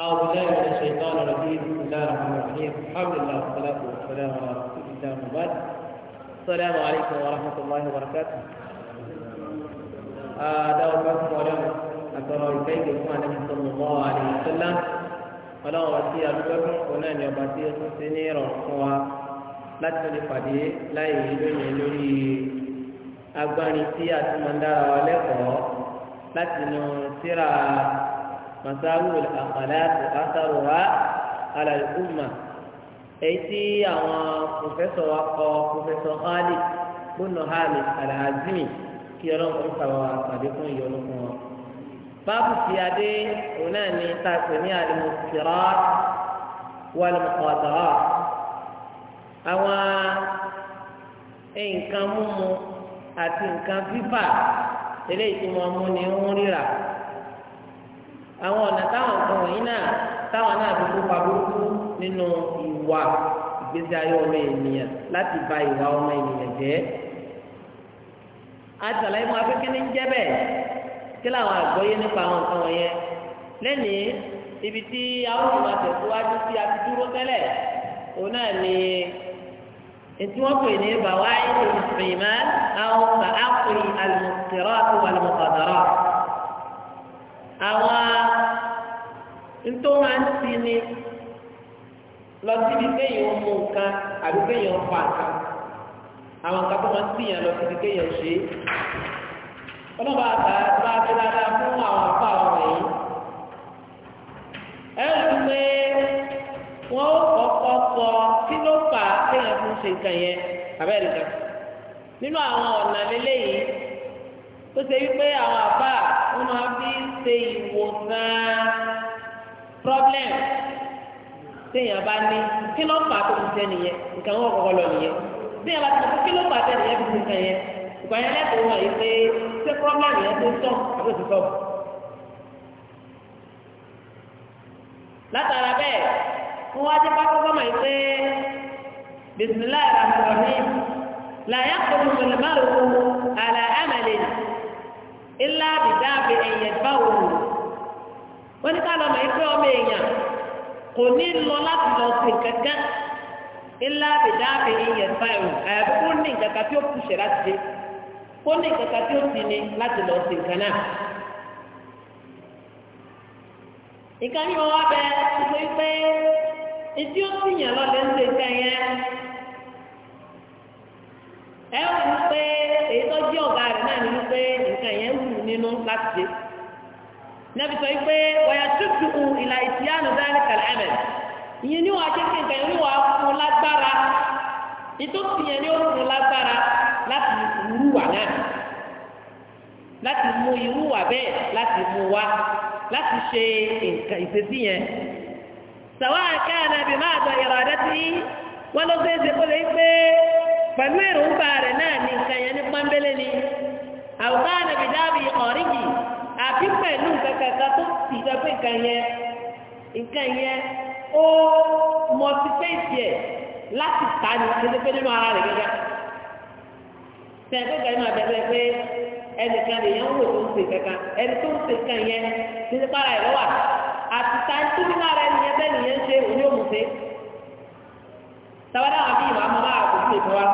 أعوذ بالله من الشيطان الرجيم بسم الله الرحمن الرحيم الحمد لله والصلاة والسلام على رسول الله وبعد السلام عليكم ورحمة الله وبركاته دعوة بكم ولم أترى البيت مع النبي صلى الله عليه وسلم ولا وسيء بكم ونان يباتي سنير وقوى لا تنفدي لا يجدون يجري أغاني سيئة من دار ولكم láti nu síra masáwù àkàlàtì àtàrùwá alàlùkùmà èyí tí àwọn pòfẹ́sọ̀ wa kọ pòfẹ́sọ̀ hali gbóná hali alhazimi kí ọlọ́run ń sàwọ́ àpàdé fún ìyọnu fún wọn. báàbù tí a dé òun náà ní tàpé ní àlùmọ̀sirá wàlùmọ̀kọ̀dọ̀ àwọn nǹkan múmu àti nǹkan fífà eléyìí tí wọ́n mú ni ń ríra àwọn ọ̀nà táwọn nǹkan wọ̀nyí náà táwọn náà fi kópa burúkú nínú ìwà ìgbésí ayé ọmọ ènìyàn láti ba ìwà ọmọ ènìyàn jẹ́ àtàlàyé mu akékeré ń jẹ́ bẹ́ẹ̀ kí làwọn àgbọ́yé nípa àwọn nǹkan wọ̀nyẹn lẹ́nìí ibi tí àwọn ìmọ̀ àtẹ̀síwájú sí a dúró tẹ́lẹ̀ òun náà ni ètí wọ́n pè ní bàwáyé ìfìmá àwọn sàákùrì àlùmọ̀tẹ̀rọ̀ àti àlùmọ̀tàdàrọ̀. àwọn ntó ti ni lọ síbi kéèyàn mú nǹkan àbí kéèyàn fa nǹkan àwọn nǹkan tó máa ń tìyàn lọ síbi kéèyàn ṣe é ọlọ́ba àgbà bá ti dáadáa fún àwọn àpá ọ̀rọ̀ yìí ẹ rí i pé ó sọ kí ló fà á kéèyàn ṣe nǹkan tó ṣe wípé àwọn àbá wọn máa fi ṣe ìwòsàn problem téèyàn bá ní kí ló fà á tó ń ṣe nìyẹn nǹkan wọn kọ́kọ́ lọ nìyẹn ti sọ kí ló fà á tẹ̀ nìyẹn fi ṣe nǹkan yẹn ìgbà yẹn lẹ́kọ̀ọ́ wọn yìí pé ṣé problem yẹn tó tọ̀ àbí látara bẹ́ẹ̀ wọ́n wá jẹ́ pápá fọ́mà yìí pé bisimilayi rahman rahim làyà kọ́ mi mọ̀lẹ́mọ́lẹ́kọ́ àlà àmàlẹ́ ńlá àbìdáàbì ẹ̀yẹ̀ bá wò ó wọ́n ní ká lọ́mọ ẹgbẹ́ ọmọ èèyàn kò ní lọ láti lọ sí kankan ńlá àbìdáàbì ẹ̀yẹ̀ bá wò àyàfi kó ní nǹkan tí ó kùsẹ̀ láti dé kó ní nǹkan tí ó ti ní láti lọ sí nǹkan náà. nǹkan yìí wọ́n wá bẹ pé etí ó sì yàn lọ́lẹ́ ń ṣe nǹkan ẹ pé èyí ọ̀gá rẹ̀ náà nínú pé nǹkan yẹn wù nínú láti dé nẹ́bi sọ pé wọ́yà tútù ìlà ìtìyánu dáhùn kàlẹ́ ẹ̀mẹ̀ ìyẹn ní wàá jẹ́ nǹkan yẹn wàá fún lágbára ìtòsí yẹn ní ó fún lágbára láti wúrú wà náà láti mú irú wà bẹ́ẹ̀ láti mú láti ṣe nǹkan yẹn àná ibi pẹ̀lú èròǹgbà rẹ̀ náà ní nǹkan yẹn ní pọ́nbélé ni àwùká nàbì dábì ọ̀rígì àbí pẹ̀lú nǹkan kankan tó ti sọ pé nǹkan yẹn nǹkan yẹn ó mọtífẹ́ẹ̀tì ẹ̀ láti ta ni kéde pé nínú ara rẹ̀ gẹ́gẹ́ sẹ́yìn kẹ́kẹ́ náà bẹ̀rẹ̀ pé ẹnìkan lè yẹn ń wò tó ń ṣe kankan ẹni tó ń ṣe kankan yẹn kéde para tàbádá àbí ìwà máa bá àkójú ètò wa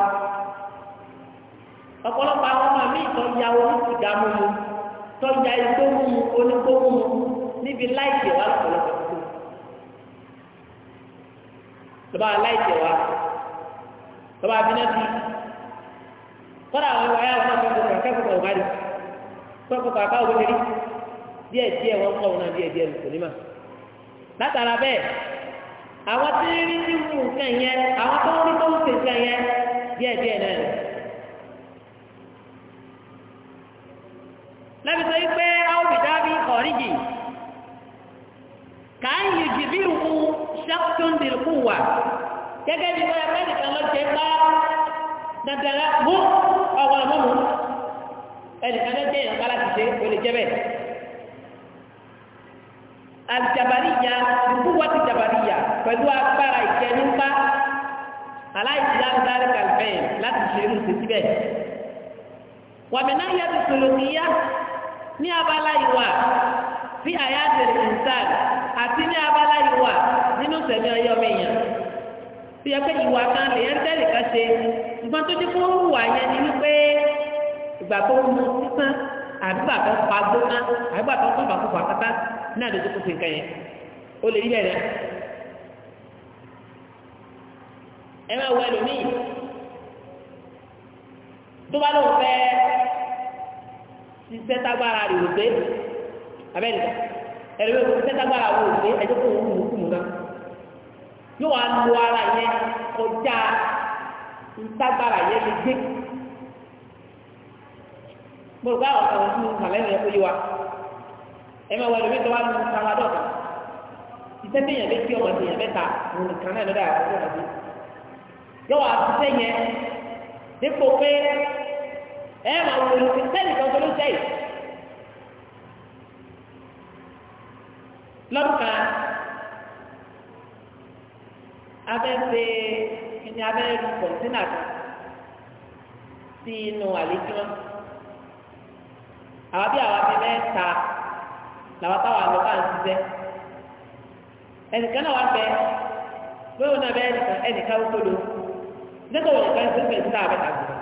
ọ̀pọ̀lọpọ̀ àwọn ọmọ mi tó ya orí sìgá mú mu tó ya igbó mú mu onígbó mú mu níbi láìsí wa lọ́pọ̀lọpọ̀ tó lọ́ba láìsí wa lọ́ba abiná bí kọ́dà àwọn ìwà yàrá náà kọ́kọ́ kọ́kọ́ kọ́kọ́ ọ̀gá rẹ̀ kọ́kọ́ kọ́kọ́ ọ̀gá rẹ̀ díẹ̀ díẹ̀ wọ́n kọ́ wọn díẹ̀ díẹ̀ lùkùnrin mà látara bẹ́ẹ̀ àwọn tí ń rí sínú nǹkan yẹn àwọn tó ń rí tó ń ṣe nǹkan yẹn díẹ̀ díẹ̀ náà lẹ́bi sọ yí pé áwùdábí ọ̀ríjì kà ń yìí jì bí ìwú ṣàkóńdìrìkú wà gẹ́gẹ́ bí wọ́n ẹgbẹ́ nìkan ló jẹ́ bá dandan mú ọ̀wọ́ ọmọ ẹnìkan ló jẹ́ ìyànká láti ṣe olè jẹ́ bẹ́ẹ̀ alijabariya dugu waati jabariya pẹ̀lú agbára ìjẹnipa aláìsíláàmù dárí kàlùfẹ́ láti ṣeré mu títí bẹ́ẹ̀. wàmínà yẹ ti sòlòkìyà ní abala ìwà fi àyájẹrẹ ìsàn àti ní abala ìwà nínú sẹ̀mí ọyọ́mẹ̀yàn tí ẹ pé ìwà kan lè ń tẹ́lẹ̀ kan ṣe nǹkan tó ti fún wà yẹn ni wípé ìgbà tó mú sísán. àdúgbà tó pa gbóná àdúgbà tó tó bàkú pàkátá náà ló tó sí nǹkan yẹn ó lè rí bẹ́ẹ̀ ẹ máa wọ ẹlòmíì tó bá lóun fẹ́ ṣiṣẹ́ tágbára rè tágbára mo rò báwọn àwọn tí mo mà lẹ́nu yẹn kó yé wa ẹ máa wọ ẹlòmíì tó wá nínú sáwá dọ̀tà iṣẹ́ tí èèyàn lé kí ọmọ èèyàn mẹ́ta òun nìkan náà lọ́dà àwọn ọmọ ọdún yọ̀wọ̀ àtúnṣe yẹn dípò pé ẹ máa wọ olùkí sẹ́ẹ̀lì kan tó ló jẹ́ yìí lọ́dún kan abẹ́sẹ̀ ẹni abẹ́rẹ́ kọ̀ǹtínà kan sínú àlejò náà àwọn bí àwọn abẹ mẹ́ta làwọn táwọn àlọ́ bá ń ṣiṣẹ́ ẹnìkan náà wà bẹ lóyún náà bẹ ẹnìkan ẹnìkan ó kóló nígbà wo nìkan ṣe ń bẹ síta àbẹ̀tà gbọ́dọ̀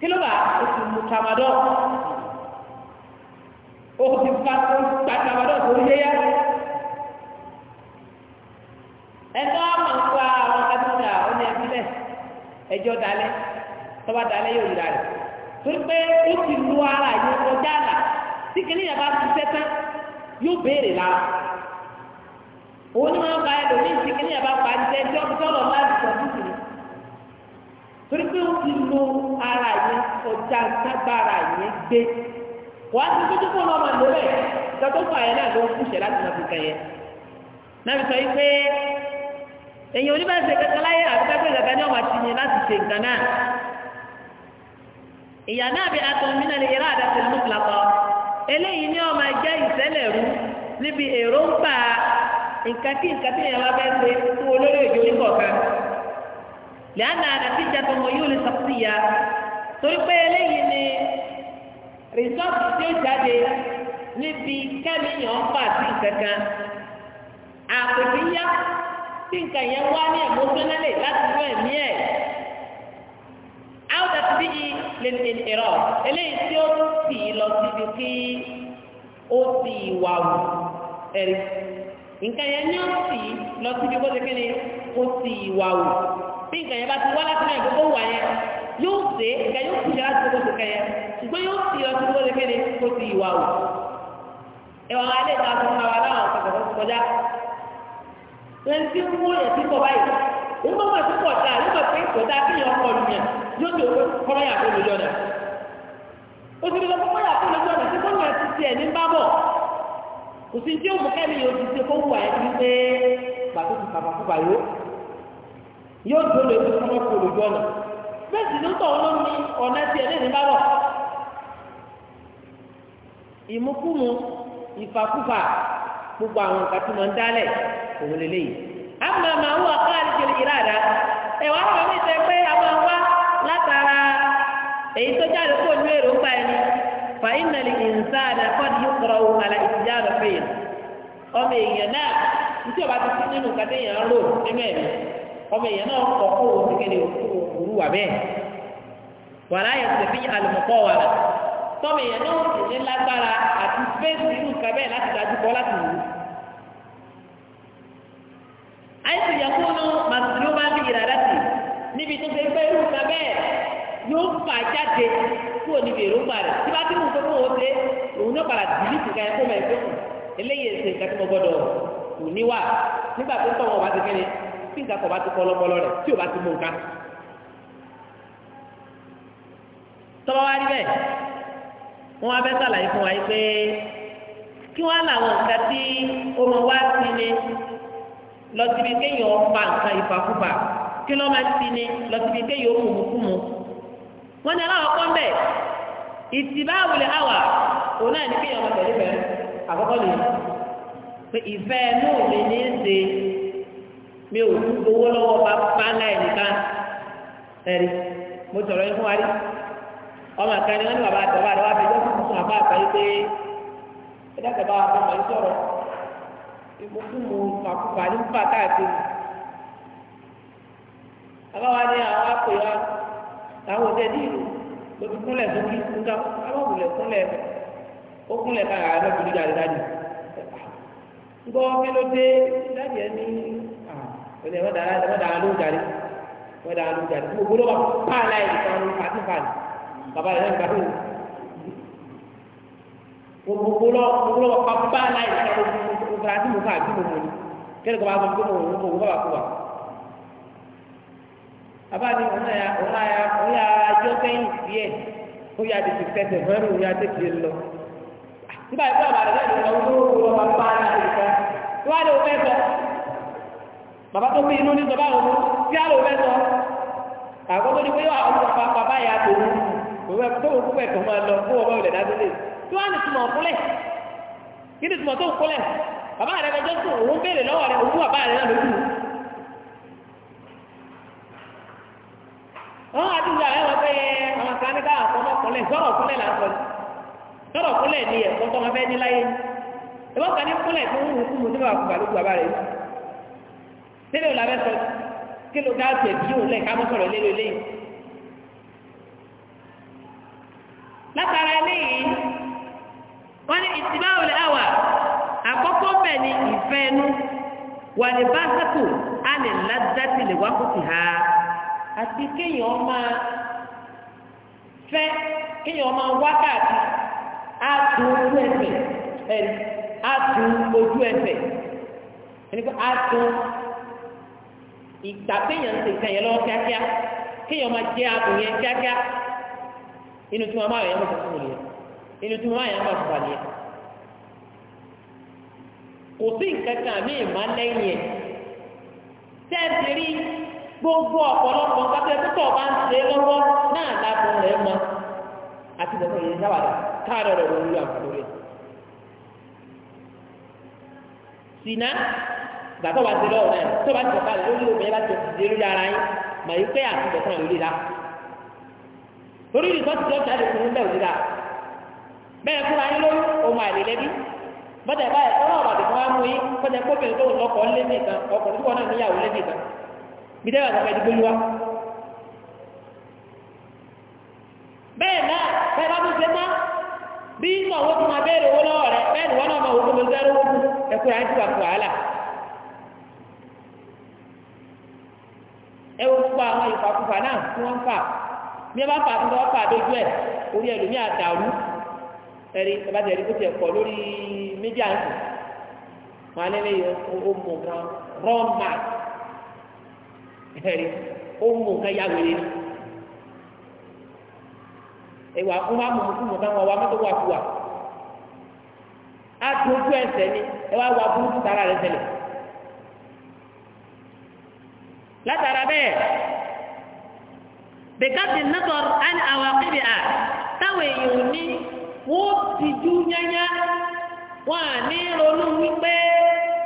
kí ló bá oṣù mu tramadol o ti fa o gba tramadol sórí yẹyẹ ẹ̀tọ́ àmọ́ nǹkan àwọn akadúgbò náà ó ẹjọ́ dalẹ̀ tọba dalẹ̀ yóò yíra rẹ. torí pé ó ti lu ara yẹn kọjá àlà tí kìnìún yẹn ti sẹ́tán yóò béèrè la òun ni wọn bá bá pa ní sẹ́ńtì ọ̀bùtọ́lọ̀ láti sọ títì torí pé ó ti lu ara yẹn kọjá sábàrà yẹn gbé wàá ti lọ́mọ tọ́tọ́ fún náà ló ń láti fi náà sọ yìí pé láyé ní ọmọ àti láti ṣe náà. ìyá náà bí atọ́mínà lè yẹra àdàtì mùtìlákọ́ eléyìí ni ọmọ ẹjẹ́ ìṣẹ̀lẹ̀ rú níbi èròǹgbà nǹkan tí nǹkan tí ìyàwó abẹ́ ṣe fún olórí òjò oníkọ̀ọ̀kan lẹ́yìn náà àti ìjàpọ̀ mọ̀ yóò lè sọ́kùsì ya torí pé eléyìí ni rìsọ́ọ̀tì tí ó jáde níbi kẹ́míyàn ń fà sí kankan àpèjì yá tí nǹkan yẹn wá ní ẹ̀mọ́sọ́nẹ́lẹ̀ láti fún ẹ̀mí ẹ̀ bihi lè ní ìrọ̀ eléyìí tí ó sì lọ síbi kí ó sì wà wù ẹ̀rí nǹkan yẹn ní ó sì lọ síbi kó ti kíni ó sì wà wù bí nǹkan yẹn bá ti wá láti náà gbogbo wà yẹn yóò ṣe nǹkan yóò sì láti gbogbo ṣe kẹyẹ ṣùgbọ́n yóò sì lọ síbi kó ti kíni ó sì wà wù ẹ̀wọ̀n alẹ́ ìta fún wa láwọn ọ̀sẹ̀ kọ̀ọ̀kan kọjá wọ́n ti ń wó yẹn tí kò báyìí ìgbà máa ti pọ̀ dáa yóò máa ti pọ̀ dáa kí yẹn ọkọ lùyẹn yóò ti owó kọ́mọ́ yà fún lójọ́ náà o ti lọ kọ́mọ́ yà fún lójọ́ náà tí kọ́mọ́ yà ti tiẹ̀ ní bá bọ̀ kò sí tí òun kẹ́mi yóò ti ṣe fún wàá ẹni pé gbàtó ti kàbà fún bàyó yóò tó lè fi kọ́mọ́ fún lójọ́ náà bẹ́ẹ̀ sì ló tọ̀ ọ́ lómi ọ̀nà tiẹ̀ ní bá bọ̀ ìmúkúmu ìfàkúfà gbogbo àwọn nǹkan ń dálẹ̀ òun lélẹ́yìí àmọ́ màá wù ọ̀ká àdìjẹlẹ ìràdá ẹ̀wọ̀n àwọn mi sọ pé a máa wá látara èyí tó jáde kó ní èrò gbà ẹni fàyín nàlẹ́ ìnsáàdà kọ́ni yóò kọ́ra wò àlà ìtìjà rẹ̀ fẹ́yìn ọmọ èèyàn náà nítorí ọba ti sí nínú kàdé yẹn ń lò nínú ẹ̀mí ọmọ èèyàn náà kọ̀ kó wò sí kéde òru wà bẹ́ẹ̀ wàrà yẹn ti fi àlùmọ̀kọ́ wà rẹ̀ tọ́mọ èèyàn náà sì ní lágbára àti fẹ́ẹ̀sì nínú kàbẹ́ẹ̀ láti dájú bọ́ láti wù ú àìsàn yàkúnú màsùlùmá bí ìràdàtì níbi tó ṣe pé irú kan bẹ́ẹ̀ yóò fà jáde kúrò níbi èròǹgbà rẹ̀ tí bá ti mú tó fún òun ṣe òun náà padà dìbì sí ká ẹkọ́ mẹ́fẹ́ kù eléyìí ẹ̀sẹ̀ nǹkan tí mo gbọ́dọ̀ kù níwà nígbà tó ń tọ̀ wọn bá ti kẹ́ni tí nǹkan kan bá ti kọlọpọlọ rẹ̀ tí ò bá ti mú nǹkan. tọ́wọ́ wá níbẹ̀ wọ́n wá fẹ́ sàlàyé fún wa yìí pé kí wọ́n á làwọn nǹkan tí ó mọ wá sí ni lọ síbi kéèyàn fa nǹkan ìfàkúfà kí ló máa ti ni lọ síbi kéèyàn kùmùkùmù wọn ní aláwọ kọ́ mbẹ ìtìbáwulẹ̀ àwà òun náà ní kéèyàn máa tẹ̀lé bẹ̀rẹ̀ àkọ́kọ́ lè pé ìfẹ́ inú mi ní ṣe mi ò ní gbowó lọ́wọ́ bá bá náà ẹ̀rí mo tọ̀rọ̀ yín fún wa rí ọmọ kan ní wọn ní bàbá àtọ̀bá rẹ wá fi jọ́ fún fún àbá àtọ̀ yìí pé ẹ dákẹ́ bá ọmọ yìí sọ̀rọ̀ mo kú mo màkúfà ní fà káàkiri àbáwá ni àwọn akpè wa àwọn òde ní ìlú lóbi kúnlẹ̀ sókè nígbà àwọn òwúlẹ̀ kúnlẹ̀ ó kúnlẹ̀ ká àwọn ẹgbẹ́ bìrì dáadáa ni gbọ́ kí ló dé dáàbì ẹ ní ọ̀nà ẹ̀wọ́n dára ẹ̀wọ́n dára ló ń darí ẹ̀wọ́n dára ló ń darí gbogbo ló wà pààlà ẹ̀ nìkan ló ń bàbá rẹ̀ nígbà tó gbogbo ló wà pààlà ẹ̀ nìkan ló fara tí mo fà àbí mo mọ̀ ní kẹ́lẹ́ kọ́ bá sọ pé mo mọ̀ mo bá wà fún wa. abáàdì òun yà ajọ́ sẹ́yìn díẹ̀ ó yà tètè tẹ̀sẹ̀ fún ẹ̀rù òun yà tètè lọ. nígbà tí bàbá rẹ̀ lẹ́nu lọ wúlò wúlò bàbá bá rẹ̀ lè fẹ́ tí wàá lè fẹ́ sọ. bàbá tó fi inú ní sọ báwo ló tí a lè fẹ́ sọ. àkókò ni pé àwọn bàbá yà tó wù bàbá rẹ̀ lọ́jọ́ sùn òun béèrè lọ́wọ́ rẹ̀ òun bàbá rẹ̀ náà lójú. wọ́n á dùn àwọn ẹ̀wọ̀n pé àwọn kan ní káwọn ọmọ kúnlẹ̀ sọ̀rọ̀ kúnlẹ̀ là ń sọ̀rọ̀ kúnlẹ̀ ni ẹ̀kọ́ tó wọn fẹ́ ní láyé ni ìwọ́n kan ní kúnlẹ̀ tó ń kú mu tí wọ́n kúba lójú bàbá rẹ̀ yìí. tẹ́lẹ̀ ò lábẹ́ sọ kí ló dá tẹ̀ bí òun lẹ̀ ká àkọ́kọ́ bẹ̀ ni ìfẹ́ ẹnu wà ní báṣẹ́kù á lè ládàtì lè wákùtì ha àti kéèyàn máa fẹ́ kéèyàn máa wákàtí á tu ojú ẹsẹ̀ ẹni á tu ojú ẹsẹ̀ ẹni pé á tu ìgbà kéèyàn ń ṣe ìka yẹn lọ́wọ́ kíákíá kéèyàn máa jẹ́ ààbò yẹn kíákíá inú tí wọ́n máa yẹn máa fọ́ fún mi yẹn inú tí wọ́n máa yẹn máa fọ́ fún mi yẹn kò sí nǹkan kan mí ìmá lẹ́yìn ẹ̀ tẹ́ẹ̀sì rí gbogbo ọ̀pọ̀lọpọ̀ kápẹ́ púpọ̀ bá ń ṣe lọ́wọ́ náà lábọ̀ rẹ̀ mọ́ àti bọ̀ fún ìyẹn sáwàdà káàdọ̀ rẹ̀ lórí àkókò rẹ̀ sìnà gbàtọ́ bá ti lọ́wọ́ náà tó bá ti sọ̀ka rẹ̀ lórí obìnrin bá ti di lórí ara yín mà yí pé àti bọ̀ fún àwọn olùdá torí ti dọ́ọ̀tà lè fún un bẹ́ẹ̀ òdìdá bẹ́ẹ̀ fúnra bọ́dà báyìí ọlọ́run àti fún wa mú yín kọjá kóbìnrin tó lọ́kọ̀ lé nìkan ọkùnrin tó wọ́n náà níyàwó bẹ́ẹ̀ náà bẹ́ẹ̀ bá tún ṣe mọ́ bí máa owó lọ́wọ́ bẹ́ẹ̀ wọ́n náà máa ọ ẹ̀rí ẹ bá lórí mídíà ń sùn wọn alẹ́lẹ́ yìí ó mú nǹkan rọ́ọ̀mà ẹ̀rí ó mú nǹkan yá wèrè ni ìwà fún wa mú fún nǹkan wọn wá mọ́tò wà fún wa á tó ojú ẹsẹ̀ ni ẹ wá wá burúkú tara rẹ tẹ̀lé látara bẹ́ẹ̀ bẹ̀kátì nàtọ̀ àni àwọn akéde à táwọn èèyàn ní wọ́n ti dú yányá. wọn à ní ronú wípé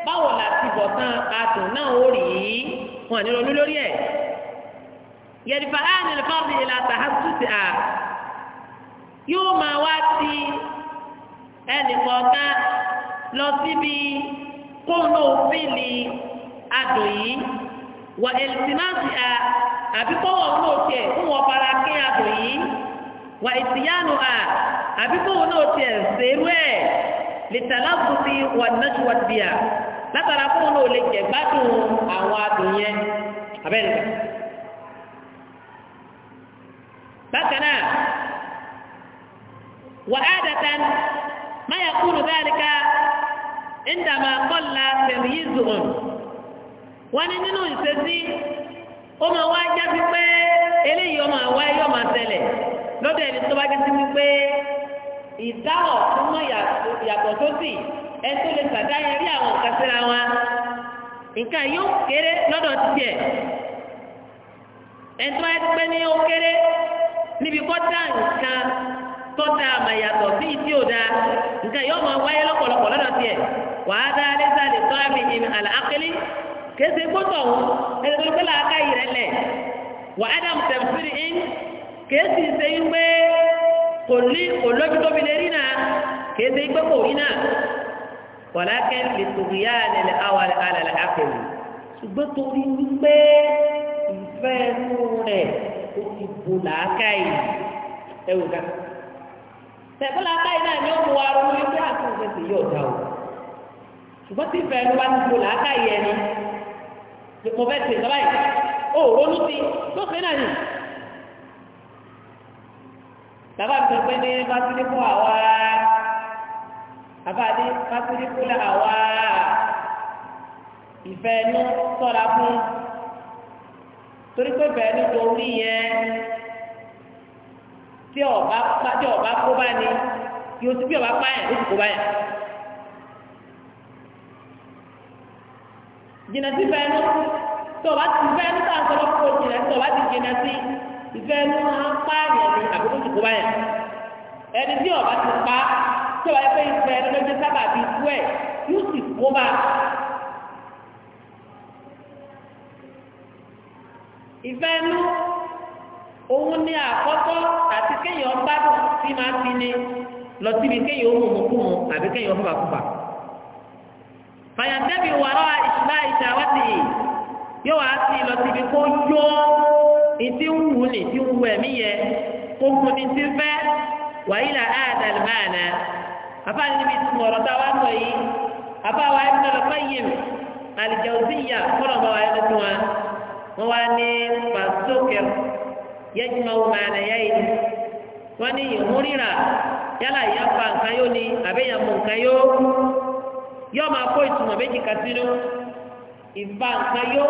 báwo la ti bọ̀ tán adùn náà ó rí i wọn à ní ronú lórí ẹ̀ yẹ̀dùfà á ní lọ́fọ́ọ̀sì ìlà tàhásù ti à yóò máa wá ti ẹnì kọ̀ọ̀kan lọ síbi kóńdó fíìlì adùn yìí wà èlìtìmáàtì à àbí kọ́wọ́ ń tiẹ̀ fún wọn fara kí adùn yìí wà ìtìyánu à àbí kọ́wọ́ ń tiẹ̀ sèrú ẹ̀. lìtàlábùsí wà nẹ́tíwàtíyà látara fún òun ò lè jẹ gbádùn àwọn adùn yẹn abẹ́rẹ́ bákan náà wà á dàtàn máyà kúrò dáríká ìdàmà kọ́lá tẹ̀lẹ́yìzùn wọ́n ní nínú ìṣesí ó máa wá jáde pé eléyìí ọmọ àwa yóò máa tẹ̀lẹ̀ lọ́dọ̀ ẹni tó bá gẹ́sí wípé ìdáwọ̀ fún mọ́ yàtọ̀ tó sì ẹni tó lè sàdá yẹn rí àwọn nǹkan síra wa nǹkan yóò kéré lọ́dọ̀ tiẹ̀ ẹni tó wáyé pé ní ó kéré níbi kọ́ dá nǹkan tó dá àmà yàtọ̀ sí ìdí òdá nǹkan yóò máa wáyé lọ́pọ̀lọpọ̀ lọ́dọ̀ tiẹ̀ wàá dá lẹ́sà lè tọ́ àmì ìmì àlà ákélé kése gbọ́dọ̀ ọ̀hún ẹni tó lè pẹ́ làákà yìí rẹ̀ lẹ̀ wàá dá mùsẹ̀mùsírì kò ní olójú tóbi lè rí náà kéde pé kò rí náà wàlákẹ́ lè tòbi yá àlẹ́lẹ́ àwọn àlẹ́lẹ́ àkẹ́wò ṣùgbọ́n torí wípé ìfẹ́ inú rẹ̀ ó ti bò làákà yìí ẹ wò ká tẹ̀kọ́ làákà yìí náà ni ó mú wa ronú wípé àti ìfẹsẹ̀ yóò dá o ṣùgbọ́n tí ìfẹ́ inú wa ti bò làákà yìí ẹni mo fẹ́ ṣe ìjọba ó ronú sí lóṣèlú náà nìyí bàbá mi sọ pé ní masirífù àwa bàbá ní masirífù àwa ìfẹ́ ẹnu sọ́ra fún torí pé bẹ́ẹ̀ ni. orí yẹn tí ọba tí ọba kó bá ní yóò ti bí ọba pààyàn ó ti kó báyà. jìnnà sí bẹ́ẹ̀ ní tí ọba ti bẹ́ẹ̀ ní tí a jìnnà tí ọba ti jìnnà sí ìfẹ́ ẹnu máa ń pa àyàn ní àbúrò tó kó báyà ẹni tí ọba ti pa tí ọba ẹgbẹ́ ìfẹ́ ẹnu lọ́jọ́ sábà bí ikú ẹ̀ yóò sì kó bá. ìfẹ́ ẹnu òun ni àkọ́kọ́ àti kéèyàn gbádùn tí máa ń fi ni lọ síbi kéèyàn ó mú un kú mu àbí kéèyàn ó fún wa kú wa. fàyàntẹ́bí wàrà ìṣúná ìṣàwátì yóò wá sí lọ síbi kó yó ìtí ń wù ní ìtí ń wù ẹ̀mí yẹ kó fún ní ti fẹ́ wàyí là á dàlù máa nà àbá níbi tí mọ̀rọ̀ tá a wá sọ yìí àbá wa ẹni lọ fẹ́ yìí àlìjẹ òsì yà kọ́nà bá wa ẹni tó wa wọ́n wá ní pàṣókè yẹ́jìmọ̀ wò máa nà yá yìí wọ́n ní ìmúríra yálà ìyá fa nǹkan yóò ní àbẹ́yàmọ̀ nǹkan yóò yóò máa kó ìtumọ̀ méjì kàtínú ìbá nǹkan yó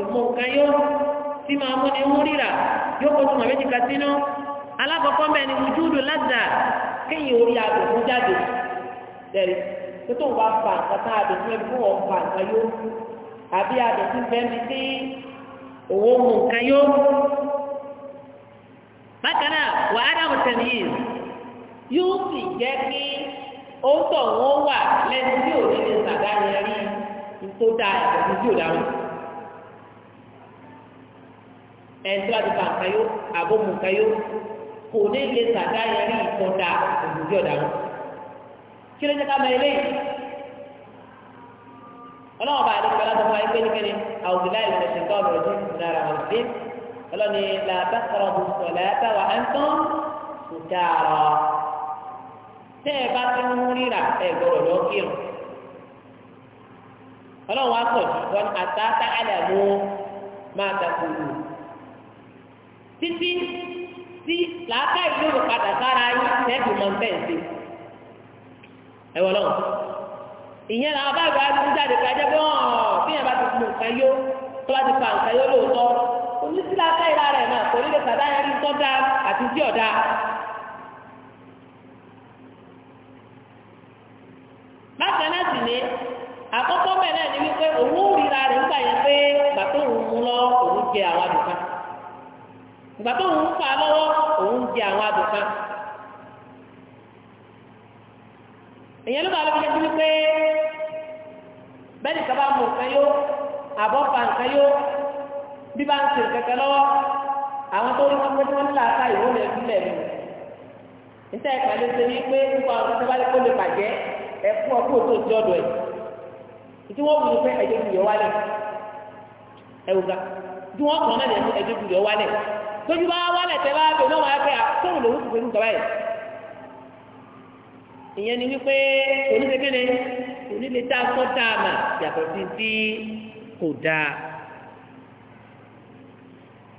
ìmú nǹkan yó tí máa mú ni mú ríra yóò kó tuma méjì ká sínú alákọ̀ọ́kọ́ mẹ́ni wùdúùdù ládà kéèyàn orí àgbò fún jáde tẹ̀lé tó tó ń bá fa nǹkan tá àdùn fún ẹbí fún wọn fa nǹkan yó àbí àdùn fún bẹ́ẹ̀ni tí òwò mú nǹkan yó bákan náà wà á dáhùn tẹ̀lé yìí yóò sì jẹ́ kí ó tọ̀ wọ́n wà lẹ́nu tí ò lè sàgá yẹn rí i tó dáa yàtọ̀ sí tí ò dáa wọn. ẹni tó bá ti fa nǹkan yó àbómu nǹkan yó kò ní lè sàdá yẹn rí ìtọ́ dáa òkú tí ò dáa wọn. kí ló ń jẹ́ ká mọ eléyìí? ọlọ́wọ́n bá àdéhùn ọlọ́dún fún wa yín ní kẹ́ni àwùjọ láì lè ṣe tọ́ ọ̀rọ̀ ọdún náírà wọn sí ọlọ́ni làbá sọ̀rọ̀ bù sọ̀lá táwa à ń tán kò dáa rọ̀ tẹ́ ẹ bá ti ń rírà ẹ gbọ́dọ̀ lọ́ọ́ kírun ọlọ́run wa sọ ju wọn àtàtà àdàmú máa dàkúrú títí tí làákà ìlú padà sára yín tẹ́ẹ̀bù mọ̀ntẹ́ǹsì ẹ wọ lọ́wọ́ ìyẹn làwọn bá ìwà ẹni jáde kájẹ pé ọ̀ọ́ bí yẹn bá ti fún nǹkan yó tó bá ti fa nǹkan yó lóòótọ́ onísí làákà ìlà rẹ̀ náà kò ní lè sàdá yẹn rí tọ́da àti tí ọ̀dà. bákan náà sì ni àkọ́kọ́ bẹ́ẹ̀ náà ni wípé òun ò ríra rẹ̀ nígbà yẹn pé ìgbà tó ń lọ òun jẹ àwọn àdùnkan ìgbà tó ń fa lọ́wọ́ òun jẹ àwọn àdùnkan. èyàn ló bá lọ fi ṣe pé bẹ́ẹ̀ni kaba nǹkan yó àbọ̀ fa nǹkan yó bí bá ń kẹ̀kẹ́ lọ́wọ́ àwọn tó ní níta ẹ̀ka ló tí wọ́n wù ú pé ẹjọ́ gbùdọ̀ wálẹ̀ ẹ̀wù ga tí wọ́n kàn náà lẹ́nu ẹjọ́ gbùdọ̀ wálẹ̀ lójú bá wálẹ̀ tẹ́ bá bẹ náà wáyé pé àtọ́wò lòún kù pẹ̀lú kaba yìí ìyẹn ni wípé oníṣẹ́kẹ́ni onílé tá a sọ dáa mà yàtọ̀ sí ti kò dáa.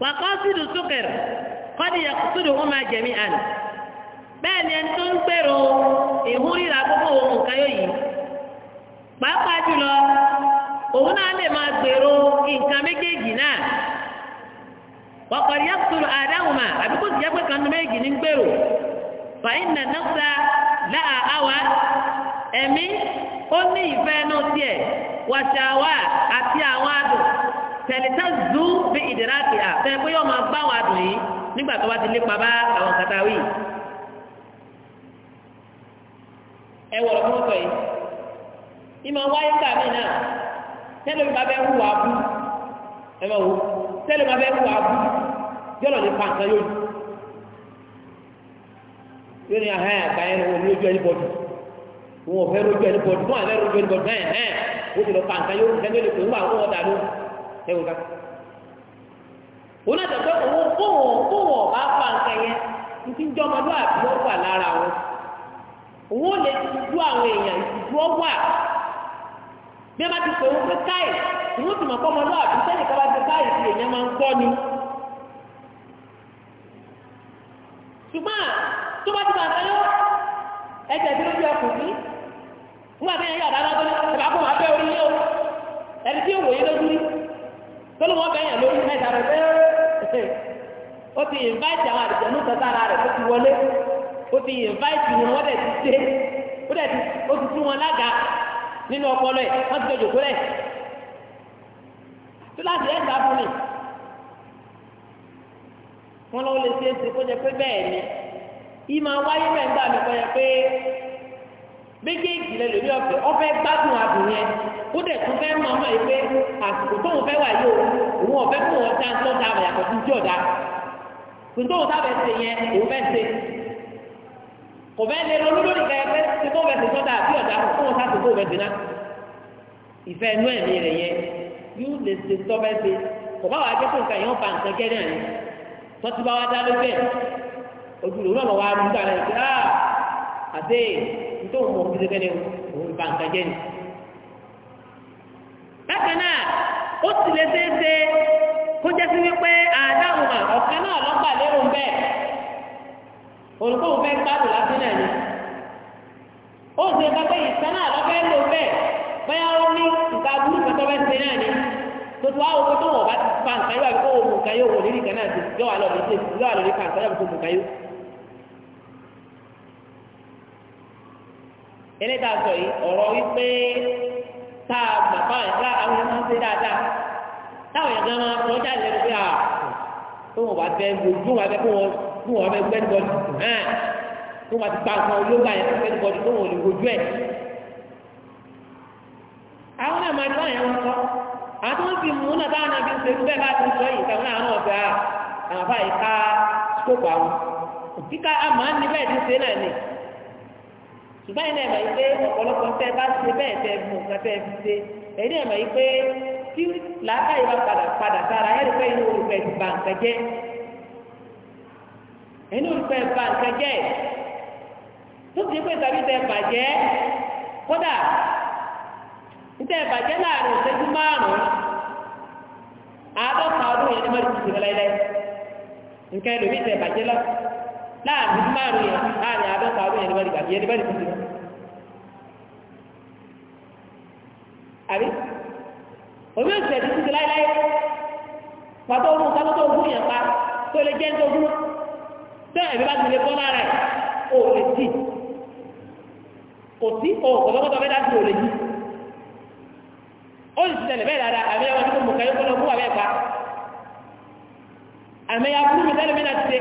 wàkọ́sídù súkẹ̀rẹ̀ kọ́dí yàtúndù ó máa jẹ̀mí àná bẹ́ẹ̀ ni ẹni tó ń gbèrò ìhúrírà gbogbo yóò yìí pàápàá jùlọ òun náà lè máa gbèrò nǹkan méjèèjì náà wọ́pọ̀ yẹ àdáhùnmá àbí kó sì kan méjì ní gbèrò fàyín nà nọ́ọ̀sà láà áwà ẹ̀mí ó ní ìfẹ́ náà tiẹ̀ wàṣàwà àti àwọn àdùn tẹ̀lítẹ́ zu bí ìdíráàkì à pé yóò máa bá àwọn àdùn yìí nígbà tó ti lépa àwọn kàtàwí. fún ọ̀sọ̀ yìí. ìmọ̀ wáyé sàmì náà tẹ́lẹ̀ mi bá bẹ́ hu abú ẹ bá wo tẹ́lẹ̀ mi bá bẹ́ hu abú yọ̀lọ̀ ní pàǹkà yóò di yóò ní ahẹ́ àgbà yẹn wọn ní ojú ẹni bọ̀dù wọn ò fẹ́ rojú ẹni bọ̀dù wọn rojú ẹni bọ̀dù ti lọ pàǹkà yóò di ẹni olùkọ́ wọn ẹ wò ká wọn bí ẹ bá ti pè wọn pé káì ìwọ tó máa ọmọ náà àbí sẹ́yìn kábà ti káì sí èèyàn máa ń kọ́ ni. ṣùgbọ́n tó bá ti máa fẹ́ lọ ẹsẹ̀ tí ló jẹ́ ọkùnrin nígbà tí ẹ̀yà tó ní kó orí ẹni tí òwòye tó ló wọ́n lórí rẹ̀ ó ti àwọn àdìjẹ́ ní rẹ̀ ti wọlé ó ti wọn wọ́n dẹ̀ ti ó dẹ̀ ti ó ti wọn lága nínú ọpọlọ ẹ̀ wọ́n ti jọjọ kúrẹ́ tó láti ẹ̀ gbà fún mi wọ́n lọ́wọ́ lè ṣe é ṣe kó jẹ pé bẹ́ẹ̀ ni ìmọ̀ wáyé mẹ́ gbà mí kọjá pé méjèèjì lẹ lórí ọ̀fẹ́ ọ̀fẹ́ gbádùn àdùn yẹn ó dẹ̀ tún fẹ́ mọ ọmọ yìí pé àsìkò tóun fẹ́ wà yóò òun ọ̀fẹ́ fún wọn dáńtọ́ dáàbò yàtọ̀ sí ìjọba tòun tóun sábẹ̀ ṣe yẹn òun fẹ́ ṣe kò bẹ́ẹ̀ lè ronú lórí kẹ́kẹ́ tí kò bẹ̀sẹ̀ sọ́dà àbí ọ̀dà kó o sáà tó kó o bẹ̀sẹ̀ náà ìfẹ́ inú ẹ̀mí rẹ̀ yẹn yóò lè ṣe tọ́bẹ̀ ṣe kò bá wàá jẹ́ kó nǹkan yẹn ó ba nǹkan jẹ́ náà ni tọ́tí bá wá dá ló bẹ́ẹ̀ ojú lòun náà wà á rúgbà náà ṣe áà àti nítorí òun mọ̀ fi ṣẹ́kẹ́ ni òun ba nǹkan jẹ́ ni. bákan náà ó olùkóhùn fẹ́ gbádùn lásán náà ni ó ṣe gbàgbé ìsán náà lọ́fẹ́ lò bẹ́ẹ̀ bẹ́ẹ̀ ó ní nǹkan aburú kan tó fẹ́ ṣe náà ni gbogbo àwọn ọkọ tó wọ̀ bá ti fa nǹkan yóò àbíkó òun nǹkan yóò wò lórí kan náà ti yọ̀ wà lọ́ọ̀dẹ̀ ṣe yọ̀ wà lórí kan nǹkan yóò àbíkó nǹkan yóò. eléta sọ yìí ọ̀rọ̀ wípé tá a gbà fáwọn ẹ̀ka àwọn ẹ̀ka ń ṣe dáadáa táwọn ẹ̀ka máa fọ́ jáde lẹ́nu pé à tó wọ̀ bá bẹ́ẹ̀ fún wọn bẹ gbẹ bọdì hàn tó wọn ti pa nǹkan olóńgbà yẹn fún gbẹ bọdì tó wọn ò lè wojú ẹ. àwọn náà máa dún àyàn wọn kọ àwọn tó ń fi mú náà táwọn náà fi ń serú bẹ́ẹ̀ bá ti ń sọ yìí táwọn náà náà fẹ́ àwọn afá yìí ká skóòpù àwọn kíkà àmọ́ níbẹ̀ ti ṣe náà ni ṣùgbọ́n iná ẹ̀mọ̀ yìí pé ọ̀pọ̀lọpọ̀ tẹ́ bá ṣe bẹ́ẹ̀ tẹ́ mú nǹkan tẹ́ fi ṣe ẹ̀yìn náà ẹ̀mọ̀ yìí pé tí làákàyè bá padà padà sára ẹ̀rí pé inú olùgbẹ́ ti ba nǹkan jẹ́ ẹni olùkọ́ ẹ̀fà nǹkan jẹ́ tó ti pé tàbí tẹ bàjẹ́ kódà tẹ bàjẹ́ láàrin ìṣẹ́jú márùn-ún àádọ́ta ọdún yẹn ní mọ́tò ti sèké láyé nǹkan ẹlòmíì tẹ bàjẹ́ lọ láàrin ìṣẹ́jú márùn-ún yẹn láàrin àádọ́ta ọdún yẹn ní mọ́tò ti àbí ti pàtó ọdún ogún yẹn pa tó lè jẹ́ ní ogún náà. tẹ́ẹ̀mí bá ti lè bọ́ lára ẹ̀ ó lè ti kò sí ọ̀pọ̀lọpọ̀tọ̀ bẹ́ẹ̀ dájú ò lè yí ó lè tẹ̀lé bẹ́ẹ̀ dáadáa àmì ẹwà tó mú kẹ́yọ́ kọ́lọ́ fún àbẹ́ẹ̀ká àmì ẹyà fún mi tẹ́lẹ̀ mi láti ṣe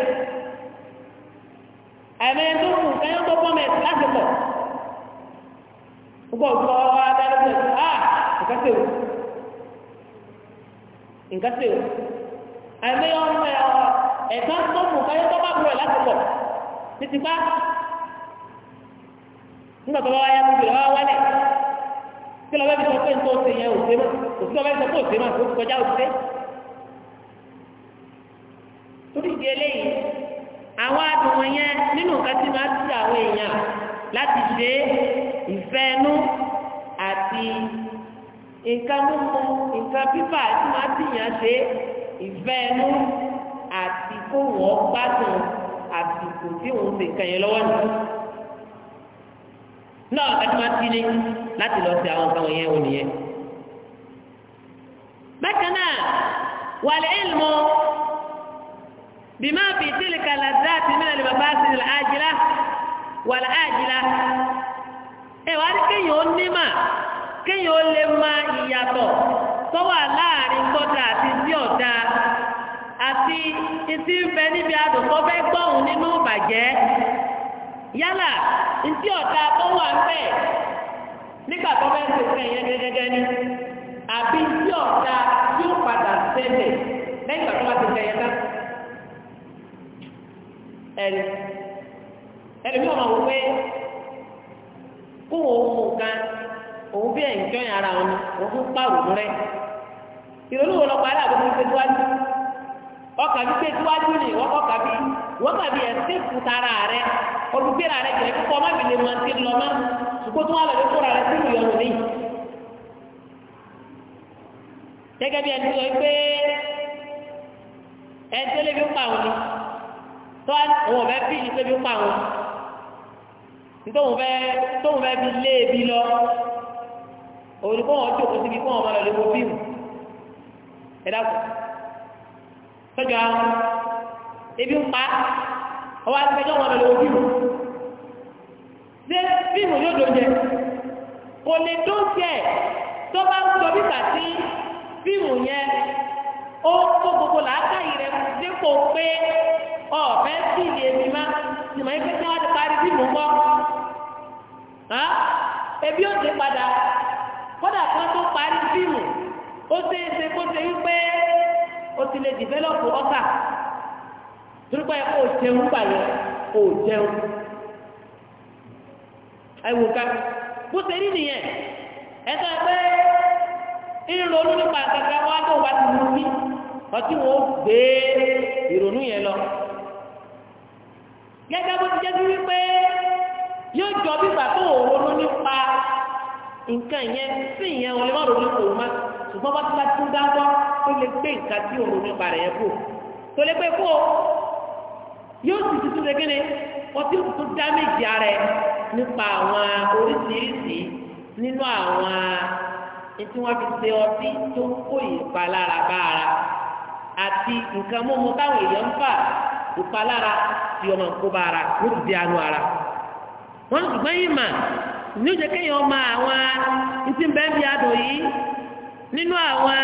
àmì ẹyà tó mú kẹ́yọ́ tó bọ́ mẹ́ẹ̀tì láti pọ̀ gbogbo ọ̀pọ̀ ọwọ́ adájọ́ bí ẹ̀sùn ah nǹkan tẹ̀wò nǹkan tẹ̀wò àmì ẹyà ọmọ ẹ̀yà ẹ̀ka tó mú káyọ tó bá burú ẹ̀ láti pọ̀ títí pa nígbà tó bá wáyé tó bèrè wá wálẹ̀ kí lọ́wọ́ ẹ̀mí sọ pé nǹkan ọ̀sẹ̀ yẹn ò sé mọ́ òsì lọ́wọ́ ẹ̀mí sọ pé òsè mọ́ òsì kọjá òsè. torí ìdí eléyìí àwọn adùn yẹn nínú nǹkan tí máa ti àwọn èèyàn láti ṣe ìfẹ́ inú àti nǹkan mímu nǹkan pípà tí máa ti yàn ṣe ìfẹ́ inú àti kó wọ́n gbádùn àsìkò tí òun ṣe nǹkan yẹn lọ́wọ́ nù. náà ẹni máa ti ní láti lọ sí àwọn nǹkan wọ̀nyẹn wò nìyẹn. bákan náà wàlẹ̀ ìlmọ̀ bímọ fi tílíkà làdá àti mílẹ̀ lè bàbá sí ilẹ̀ àjìlá wàlẹ̀ àjìlá. ẹ wá ní kéèyàn ó ní mà kéèyàn ó lè máa ìyàtọ̀ tó wà láàrin àti sí ọ̀dà àti ìtì ń bẹ níbi àdùnkọ́ fẹ́ gbọ́hùn nínú ìbàjẹ́ yálà ntí ọ̀tá tó wà ń bẹ̀ nígbà tó fẹ́ ṣe fẹ́ yẹn gẹ́gẹ́gẹ́ ni àbí ntí ọ̀tá yóò padà ṣẹlẹ̀ lẹ́yìn ìgbà tó wà ti fẹ́ yẹn tán. ẹ̀rí ẹ̀rí mi ò mọ̀ wò pé kó òun mú kan òun bí ẹ̀yìn jọyìn ara òun òun fún pàrọ̀ rẹ̀ ìrònú wo lọ parí àbúrò ìṣèjú wájú ọkà bí pé tíwájú ni wọ́n kọ́kà bí wọ́n kà bí ẹ̀sìn kùtàrà rẹ olùgbéra rẹ jẹ kíkọ́ má bìlẹ̀ mọ́ ti lọ mọ́ ṣùgbọ́n tí wọ́n lọ lè kóra rẹ sí ìyọnu mi. gẹ́gẹ́ bí ẹni sọ pé ẹni tó lè fi ń pa àwọn ni tó àwọn ọ̀bẹ fi ìṣe fi ń pa àwọn tóun fẹ́ fi lé ebi lọ òun ni kó wọn jókòó síbi kó wọn máa lọ lè wo fíìmù ẹ dákun gbẹ́gà ebi ń um pa ọwọ́ àtẹ́jọ́ wọn lọ bí mu ṣé fíìmù yóò dòjẹ kò lè dóńjẹ tó bá ń sọ bíbà sí fíìmù yẹn ó kó gbogbo làákàyè rẹ dípò pé ọ̀fẹ́ sí ìdí èmi má ìmọ̀ yẹn pé kí wọ́n ti parí fíìmù kọ́ ebi ó ti padà kódà kan tó parí fíìmù ó ṣeé ṣe kó ṣe wípé o ti lè dìvẹ́lọ́pù ọ́tà torípa ẹ̀ kò jẹun gbàyẹ kò jẹun ẹ̀wò ká bó ṣe rí nìyẹn ẹ̀ka pé ìrònú nípa kankan wá tó wá ti mú bí ọtí wọn ó gbé ìrònú yẹn lọ gẹ́gẹ́ bó ti jẹ́ sí wípé yóò jọ bí bàtó òun ronú nípa nǹkan yẹn sí ìyẹn wọn lè má ronú kò má ṣùgbọ́n bá tún bá tún dáńkọ́ tó lè gbé nǹkan tí òun nípa rẹ̀ yẹn kú tó lè gbé kú o yóò sì tuntun lè gíní wọ́n ti tún dá méjì ara ẹ̀ nípa àwọn oríṣiríṣi nínú àwọn tí wọ́n fi ṣe ọtí tó ń kó ìpalára bá ara àti nǹkan mímu táwọn èèyàn ń fà ìpalára tí ọmọ nǹkó bá ara ló ti di anú ara wọ́n ṣùgbọ́n yìí mà ní ó jẹ́ kéèyàn máa àwọn ìtìbẹ́ẹ̀bí adùn yìí nínú àwọn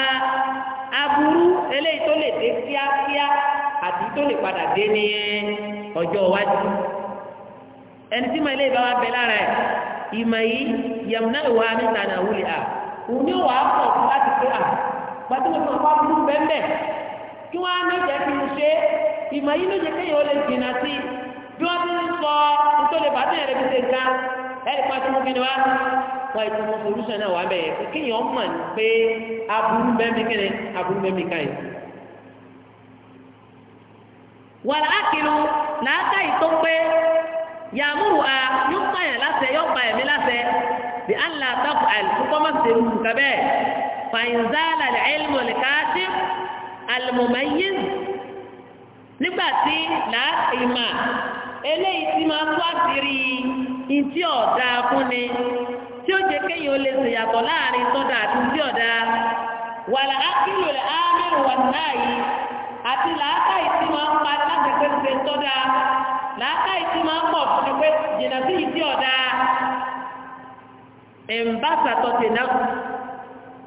aburú eléyìí tó lè dé kíákíá àti tó lè padà dé ní ọjọ́ iwájú ẹni tí màá eléyìí bá wà bẹ lára ẹ ìmọ̀ yìí yàmùnà ìwà níta náà wúlẹ̀ à òun ni ó wà á pọ̀ fún láti pé à gbàdúgbò tó wà burú bẹ́ẹ̀ kí wọ́n á ní ìjẹ́ kí n ṣe ìmọ̀ yìí ló jẹ́ kéèyàn ó lè jìnnà sí i bí wọ́n ti ń sọ nítorí bàtẹ́yẹrẹ fi ṣe ga ẹ̀ẹ́dì kí ni wá wọ́n ti mọ solúsàn náà wà bẹ́ẹ̀ yẹn kéèyàn mọ̀ pé aburú bẹ́ẹ̀mí kẹ́ni aburú bẹ́ẹ̀mí ká yìí. wàrà ákìlú làákà yìí tó pé yàmúrù a yóò pààyàn láṣẹ yóò pààyàn mí láṣẹ bí allah taku alikókó má ṣe rú nǹkan bẹ́ẹ̀ lè ẹlmọ lè káàtì alimọ̀mọ́yé nígbà tí làákìmà eléyìí ti máa tó àṣírí ìtí ọ̀dà fúnni tí ó jẹ́ kéèyàn lè ṣèyàtọ̀ láàrin tọ́da àti tí ọ̀dà wàlà ákìlò rẹ̀ ámẹ́rù wà láàyè àti làákà ìtì máa ń pa láti pé ṣe tọ́da làákà ìtì máa ń pọ̀ fún pé jìnnà sí ìtì ọ̀dà ẹ̀ǹbàṣà tọ́tẹ̀ náà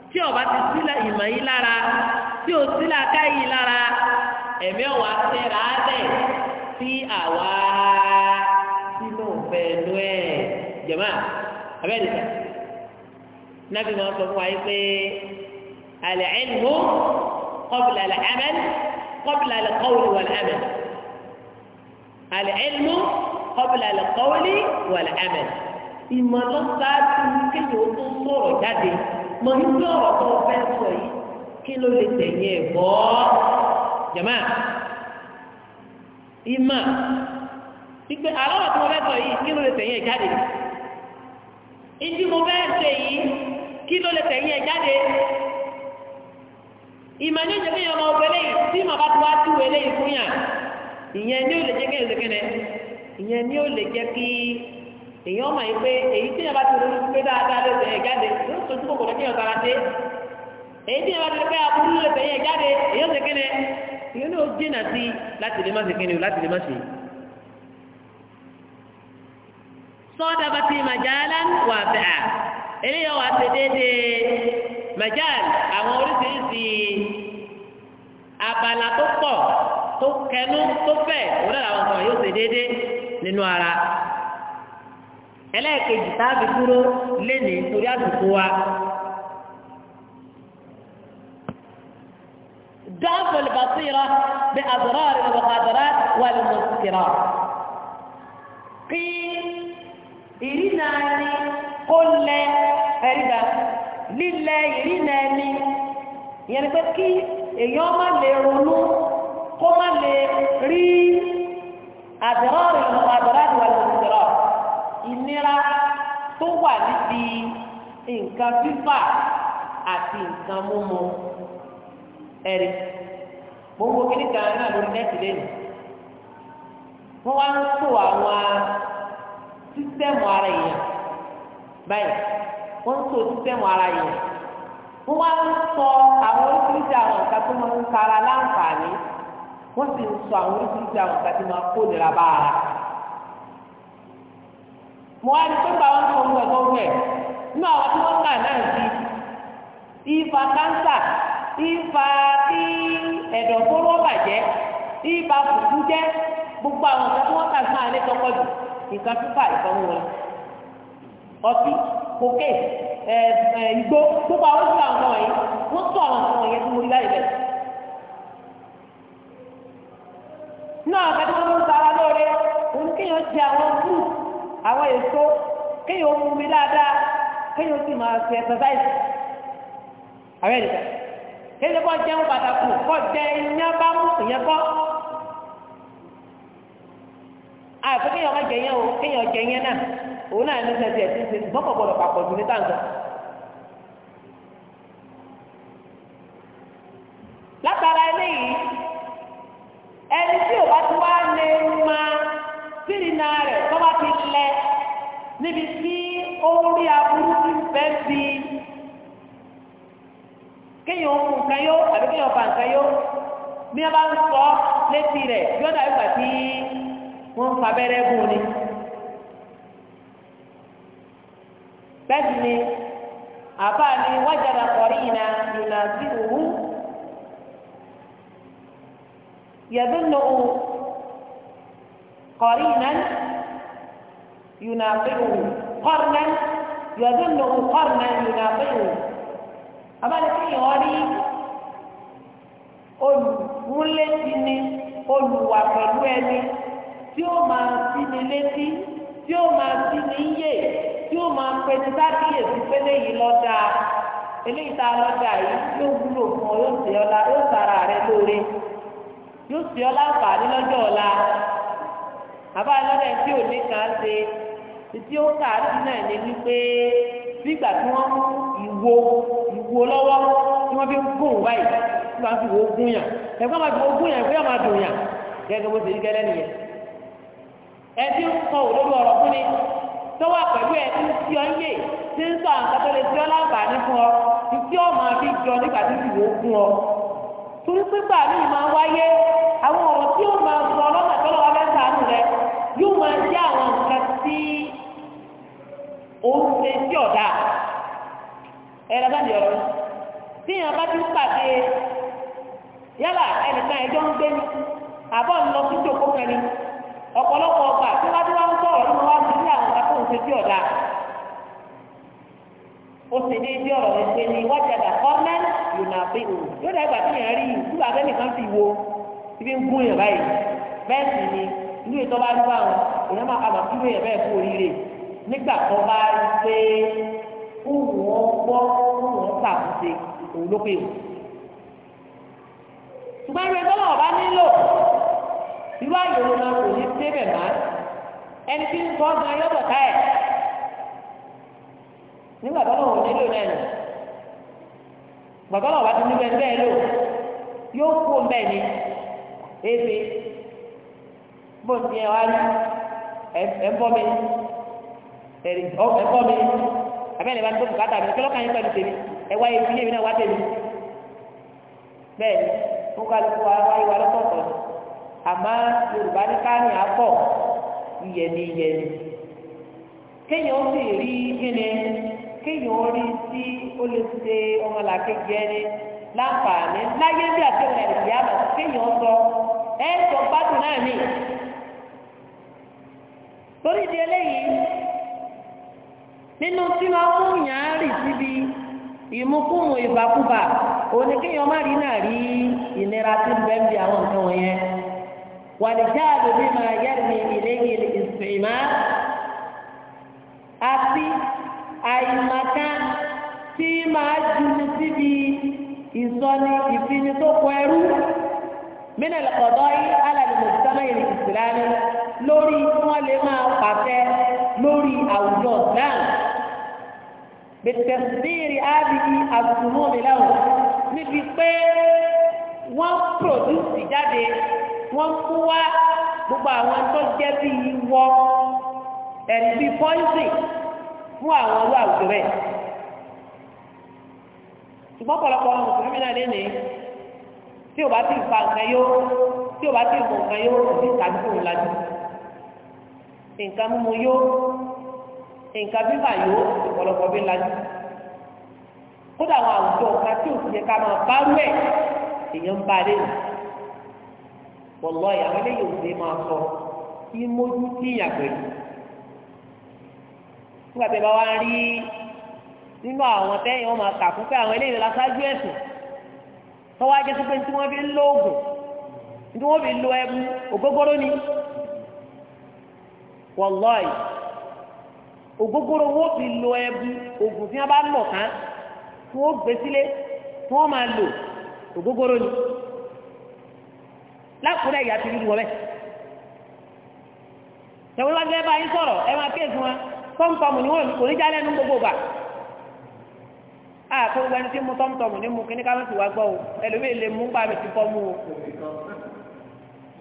tí ọba ti sílẹ̀ ìmọ̀ yìí lára tí ò sílẹ̀ aká yìí lára ẹ̀mí ọ̀wà tẹ̀ra bẹ̀ sí àwa sínú ìfẹ́ ẹnu ẹ̀ jẹ̀máà abẹ́rẹ́ nàbí máa sọ fún wa yìí pé àlẹ́ ẹ̀lmú kọ́bìlà àlẹ́ ẹ̀mẹ́l kọ́bìlà àlẹ́ kọ́wìlì wà lẹ́mẹ́l àlẹ́ ẹ̀lmú kọ́bìlà àlẹ́ kọ́wìlì wà lẹ́mẹ́l ìmọ̀ lọ sáájú kéwòn tó sọ̀rọ̀ jáde mọ̀ nígbà ọ̀rọ̀ tó fẹ́ sọ yìí kí ló lè tẹ̀yìn ẹ̀ bọ́ jẹ̀má ìmọ̀ ìgbé àlọ́ ọ̀rọ̀ tó fẹ́ sọ yìí kí ló lè tẹ̀yìn ẹ̀ jáde ìdí mo bẹ́ẹ̀ ṣe yìí kí ló lè tẹ̀yìn ẹ̀ jáde ìmọ̀ ní ìjẹ́ kéèyàn ọmọ ọgbẹ́ lẹ́yìn tí màá bá ti wá tú wẹ́ lẹ́yìn fún yàn ìyẹn ni ó lè jẹ́ kéèyàn ṣèkéne ìyẹn ni ó lè jẹ́ kí èèyàn mọ̀ yìí pé èyí tí yàrá ti ronú pé dáadáa lè tẹ̀yìn ẹ̀ jáde yóò tó tí kòkòrò kéèyàn tara dé èyí tí yàrá ti rí pé aburú lè tẹ̀yìn ẹ̀ jáde èèyàn ṣèkéne ìyẹn ni ó jìnà sí láti lè má ṣèkéne láti lè má ṣe sọ́ọ́dà bá ti màjálá wà bẹ́ẹ̀ eléyà wà ti déédéé màjál àwọn oríṣiríṣi abala tó pọ̀ tó kẹnu tó fẹ̀ òun náà làwọn kan yóò ṣe déédéé nínú ara ẹlẹ́ẹ̀kejì táàbí dúró léni torí àdùkú wa. ضعف البصيرة بأضرار المخادرات والمسكرات. قيل ìrìnà ni kó lẹ ẹ̀rígbà lile ìrìnà ẹni ìyẹn ni pé kí èèyàn má lè ronú kó má lè rí àdúrà ìlú àdúrà ìwà ìlú ìnira tó wà níbi nǹkan fífà àti nǹkan múmu gbogbo náà wọn wá ń àwọn. sísẹ́mù ara èèyàn báyìí wọ́n ń sísẹ́mù ara èèyàn wọ́n wá ń sọ àwọn oríṣiríṣi àwọn nǹkan tó máa ń sara láǹfààní wọ́n sì ń sọ àwọn oríṣiríṣi àwọn tó máa kó nira bá ara. mo wá ní wọn kọ nínú àwọn tí náà sí kánsà nǹkan pípa ìfọwọ́ wọn ọtí kòkè ẹ ẹ igbó púpọ̀ àwọn oṣù àwọn ọ̀yẹ́ wọ́n tún àwọn ọ̀sán ọ̀yẹ́ tó mórí láyé bẹ́ẹ̀. náà kẹ́tí wọ́n mú sára lóore òun kéèyàn jẹ àwọn fúrú àwọn èso kéèyàn mú mi dáadáa kéèyàn sì máa fi ẹ̀sẹ̀sáìsì àwọn ènìyàn kéèyàn kọ́ jẹun pàtàkì kọ́ jẹ ìyẹn bá mú ìyẹn kọ́ àfi ah, kéèyàn má jẹ yẹn o kéèyàn jẹ yẹn náà òun náà ní sẹsẹ ẹsẹ ṣe ṣùgbọ́n kò gbọdọ̀ papọ̀ jù ní tàǹtà. látara eléyìí ẹni tí ò bá ti wá lè máa sírìnà rẹ̀ tó bá ti lẹ níbi tí ó rí aburú ti fẹ́ bí kéèyàn ó mú nǹkan yó àbí kéèyàn ó fa nǹkan yó bí wọ́n bá ń sọ létí rẹ̀ yóò dàbí pàtí wọ́n ń fa abẹ́rẹ́ gùn ni bẹ́ẹ̀ ni àbá ni wájàdà kọ̀rí iná ìlà sí òwú yẹ̀dúnnù kọ̀rí iná ينافعه قرنا يظنه قرنا ينافعه abáni kéèyàn wá rí olùmúlẹ́sí ni olùwà pẹ̀lú ẹni tí ó máa sí ni létí tí ó máa sí ni yé tí ó máa pẹni sákìyèsí pé léyìí lọ́dà eléyìí tá a lọ́dà yìí yóò wúlò fún ọ yóò sì ọ́ yóò sara rẹ lóore yóò sì ọ́ láǹfààní lọ́jọ́ ọ̀la àbá lọ́dà tí ò ní kàn ṣe tí ó kà á sí náà ní wípé nígbà tí wọ́n mú ìwo ìwo lọ́wọ́ tí wọ́n fi ń gùn báyìí tí wọ́n fi wò gún yàn ẹ̀gbọ́n máa fi wò gún yàn ẹ̀gbọ́n máa dùn yàn gẹ́gẹ́ bó ṣe rí gẹ́lẹ́ nìyẹn. ẹtí ń kọ òdodo ọ̀rọ̀ fún ni tó wà pẹ̀lú ẹtí tí ọ ń yè tí ń sọ ọ láǹfààní ọ tí fi jọ nígbà tí ìwò fún ọ. torí pípa mi máa wáyé àwọn ọ̀rọ̀ tí ó máa sọ lọ́nà tó lọ́wọ́ rẹ yóò máa jẹ́ àwọn nǹkan tí ṣe ọ̀dà ẹ̀rọ bá ọ̀rọ̀ tí èèyàn bá ọ̀pọ̀lọpọ̀ ọgbà tí wọ́n ti wá ń sọ̀rọ̀ nínú wá àwọn tí ọ̀dà ó sì ní ibi ọ̀rọ̀ o yóò dá ìgbà tí yẹn rí ìlú wo ibi ń gún yẹn báyìí bẹ́ẹ̀ sì ni ìtọ́ bá dúró àwọn èèyàn máa kàmá bẹ́ẹ̀ oríire nígbà tó irú àyè wo náà kò ní débẹ̀ má ẹni tí ń kọ́ gan yọ̀bọ̀ ká ẹ̀ nígbà tó lọ́wọ́ nílò náà nù lọ́wọ́ bá ti níbẹ̀ bẹ́ẹ̀ lò yóò kú bẹ́ẹ̀ ni ebi bó ti ẹ wá ní ẹ mi ẹ bọ́ mi abẹ́rẹ́ bá ń tó bùkátà mi kílọ́kà yín pẹ̀lú tèmi ẹ wá ebi yémi náà wá tèmi bẹ́ẹ̀ ni mo kálukú wa wáyé wa lọ́tọ̀ọ̀tọ̀ àmọ́ yorùbá ní káàní àpọ̀ ìyẹni ìyẹni kéèyàn ó sì rí kíni kéèyàn ó rí sí ó lè ṣe ọmọlàkejì ẹni láǹfààní láyé bí àtẹ̀wọ̀n ẹ̀rì yá mọ̀ kéèyàn sọ ẹ̀ sọ gbádùn náà nì torí di eléyìí nínú tí máa mú yàn án rì síbi ìmúkúmu ìbàkúbà òun ni kéèyàn má rí náà rí ìnira tí ń bẹ́ẹ̀ bí àwọn nǹkan wọ̀nyẹn. والجهل بما يرمي إليه الاستعمار àti àìmọ̀kan tí máa jùlọ síbi ìsọni ìfini tó kọ ẹrú mínàlẹ̀ ọ̀dọ́ alàlùmọ̀sánmọ̀ ìrìn ìsìlámi lórí tí wọ́n lè máa pàṣẹ lórí àwùjọ náà wọ́n kú wá gbogbo àwọn tó jẹ́ bí ìwọ ẹ̀rí bí pọ́ìsì fún àwọn ọlọ́ àwùjọ rẹ̀ ṣùgbọ́n pọ̀lọpọ̀ ọmọ mùsùlùmí náà lẹ́nu tí o bá ti fa nǹkan yó tí o bá ti mọ nǹkan yó o ti tàbí kò lajú nǹkan mímu yó nǹkan bíbà yó ìpọ̀lọpọ̀ bí lajú kódà àwọn àwùjọ kan tí o ti yẹ ká máa bá rú ẹ̀ èèyàn ń bá a lẹ́nu pọ̀lọ́ ìyàwó eléyìí òsè máa sọ kí mójú tí ìyà pẹ̀lú. nígbà tí ẹ bá wá rí nínú àwọn tẹ́yìn wọn máa kà fún pé àwọn eléyìí lásájú ẹ̀sùn tọ́wọ́ ajẹ́ sípé tí wọ́n fi ń lo oògùn tí wọ́n fi ń lo ẹbu ògógóró ni. pọ̀lọ́ ì ògógóró wọ́n fi lo ẹbu oògùn tí wọ́n bá lọ̀ kán tí wọ́n gbé sílé tí wọ́n máa lò ògógóró ni. lákùúrẹ́ ìyá ti rírú wọlé tẹ̀wọ́n wá gẹ́gẹ́ bá yín sọ̀rọ̀ ẹ máa wọn tọ́mtọ́mù ni wọ́n kò ní jálẹ̀ ní gbogbo gbà ẹni tí mú tọ́mtọ́mù ní mú kí ní ká mẹ́sì wá gbọ́ o lè mú bá mi ti fọ́ mú o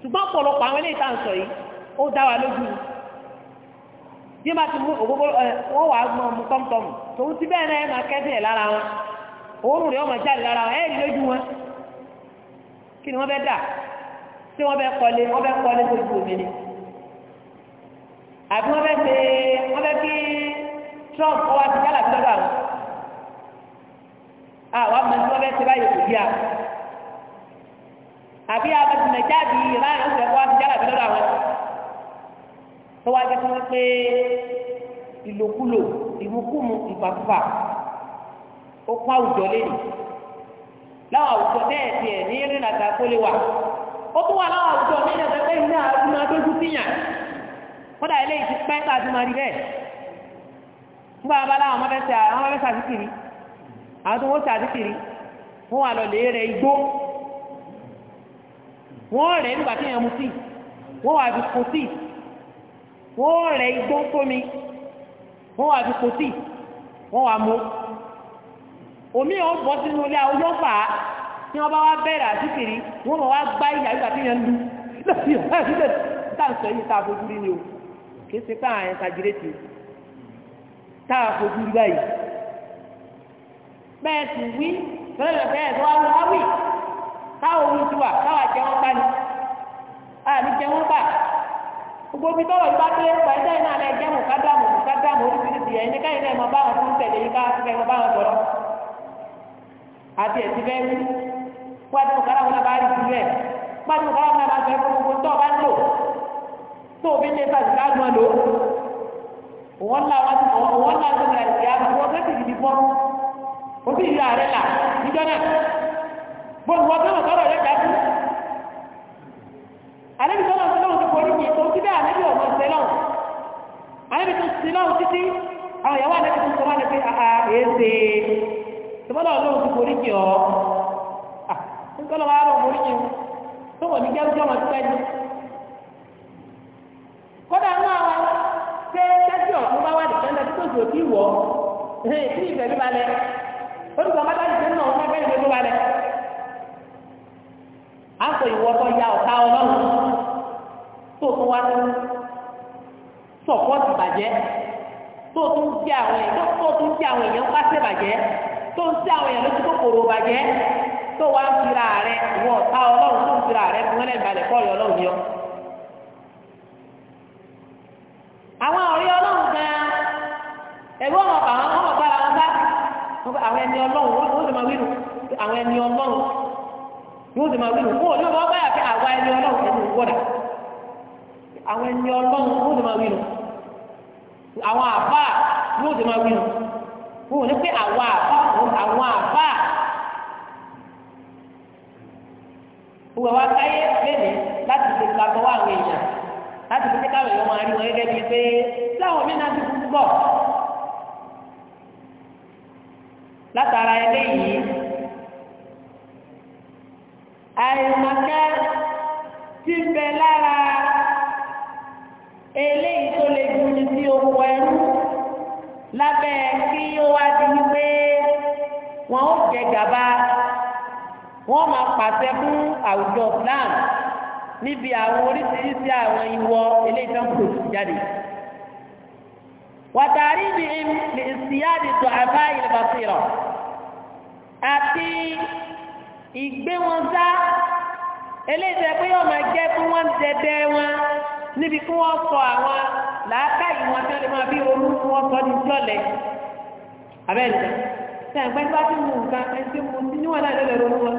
ṣùgbọ́n ọ̀pọ̀lọpọ̀ àwọn eléyìí sọ yìí ó dá wa lójú bí ti mú ẹ wọ́n tòun ti bẹ́ẹ̀ tí wọ́n bẹ́ kọ́lé wọ́n bẹ́ kọ́lé tó ju omi ni àbí wọ́n bẹ́ ṣe wọ́n bẹ́ kí Trump ọwọ́ àti yálà tó lọ́dọ̀ àwọn àwọn àmọ́ tí wọ́n bẹ́ ṣe báyìí kò bí àwọn àbí abẹ́tìmẹ̀já bí ìran àwọn ìṣẹ̀kọ́ àti yálà tó lọ́dọ̀ àwọn tó wá jẹ́ fún pé ìlòkulò ìmukúmu ìfàkùfà ó pa àwùjọ lẹ́yìn láwọn àwùjọ bẹ́ẹ̀ tiẹ̀ ní eré nàta kólé wà. ó wà láwọn àwùjọ ní ebe pé iná àti máa síyàn kódà ilé ìtì pẹ́ tá a rí bẹ́ẹ̀ nígbà bá láwọn àwọn tó wọ́n wọ́n wà lọ lè igbó wọ́n rẹ̀ nígbà tí sí wọ́n wà sí wọ́n rẹ̀ igbó fómi wọ́n wà sí wọ́n wà mú omi sínú ilé tí wọ́n bá wá bẹ̀rẹ̀ àtìkiri wọ́n mọ̀ wá gbá ìyà ìgbà tí yẹn lú gbogbo bí tọ́wọ̀ ìbá tó lè pàá ìjẹ́ ìnáà lẹ́jẹ́ mọ̀ kádàmù kádàmù orísìírísì ẹ̀ ní káyìí lẹ́mọ̀ báwọn tó ń tẹ̀lé yíká fẹ́ mọ̀ báwọn tọ́rọ àti ẹ̀sìn fẹ́ rí pàdé òkàrà wọn bá rí sílẹ̀ pàdé òkàrà wọn bá fẹ́ gbogbo tó o bá ń lò tó o bí lè fà síkà gbọ́n lò wọ́n là wọ́n ti wọ́n wọ́n là tó gbàgbé ìyá mi wọ́n fẹ́ẹ́ tìjì fọ́ o ti yà rẹ̀ là níjọ́ náà gbogbo wọn fẹ́ràn sọ̀rọ̀ rẹ̀ dájú alẹ́ bí sọ́nà sọ́nà ti borí yìí tó ti bẹ́ẹ̀ alẹ́ bí ọ̀gbọ̀n sẹ́lọ̀ alẹ́ bí tó sílọ̀ títí àwọn ìyàwó alẹ́ bí tó sọ wá lẹ́ pé àà èé ṣe tọ́lọ́ ọlọ́run ti borí yìí ọ́ nítorí wàá rọ̀ mórí yìí tó wọ̀ ní jẹ́rú jọ́mọ̀ tó tẹ́jú. kódà ń wá wa ṣé tẹ́tí ọ̀tún bá wà dìgbà náà tó tó ti wọ̀ tí ìfẹ́ bí balẹ̀ olùkọ́ bàbá ti sẹ́nu ọ̀hún bàbá ìfẹ́ bí balẹ̀. a sọ ìwọ tó ya ọ̀tá ọlọ́run tó tún wá tó sọ̀pọ̀tì bàjẹ́ tó tún jẹ́ àwọn èèyàn pàṣẹ bàjẹ́ tó ń sí àwọn èèyàn lójú kòkòrò bàjẹ́. tó wá ń fira rẹ wọ ọ̀tá ọlọ́run tó ń fira rẹ fún ẹlẹ́gbàá rẹ ọlọ́run yọ. àwọn ọ̀rẹ́ ọlọ́run gan-an ẹ̀rú àwọn ọmọ gbára wọn bá àwọn ẹni ọlọ́run wọ́n máa wí nù àwọn ẹni ọlọ́run wọ́n máa wí nù fún òní ọmọ àwa ẹni ọlọ́run ẹni àwọn ẹni ọlọ́run wọ́n máa wí nù àwọn wọ́n gbogbo wa káyé lẹ́nìí láti fi kakọ́ wá àwọn èèyàn láti fi kíkà àwọn èèyàn máa rí wọn gẹ́gẹ́ bíi pé láwọn mí náà ti kú púpọ̀ látara eléyìí àìmọ̀kẹ́ ti bẹ lára eléyìí tó lè dúró sí oko ẹrú lábẹ́ kí ó wá di wípé wọ́n ó jẹ gàba wọ́n máa pàṣẹ fún àwùjọ Islam níbi àwọn oríṣiríṣi àwọn ìwọ eléyìí tó ń kò sí jáde wàtàrí bí lè ṣíyáde tó àbá ìlẹ̀bàṣẹ rọ àti ìgbé wọn sá eléyìí tó pé yóò máa jẹ́ kí wọ́n dẹdẹ wọn níbi kí wọ́n sọ àwọn làákà ìwọ̀n tó lè máa bí olú kí wọ́n sọ ní jọ́lẹ̀ abẹ́rẹ́ sẹ́yìn pẹ́ bá ti mú nǹkan ẹni tí mo ti níwọ̀n náà lọ́lẹ̀ ronú wọn.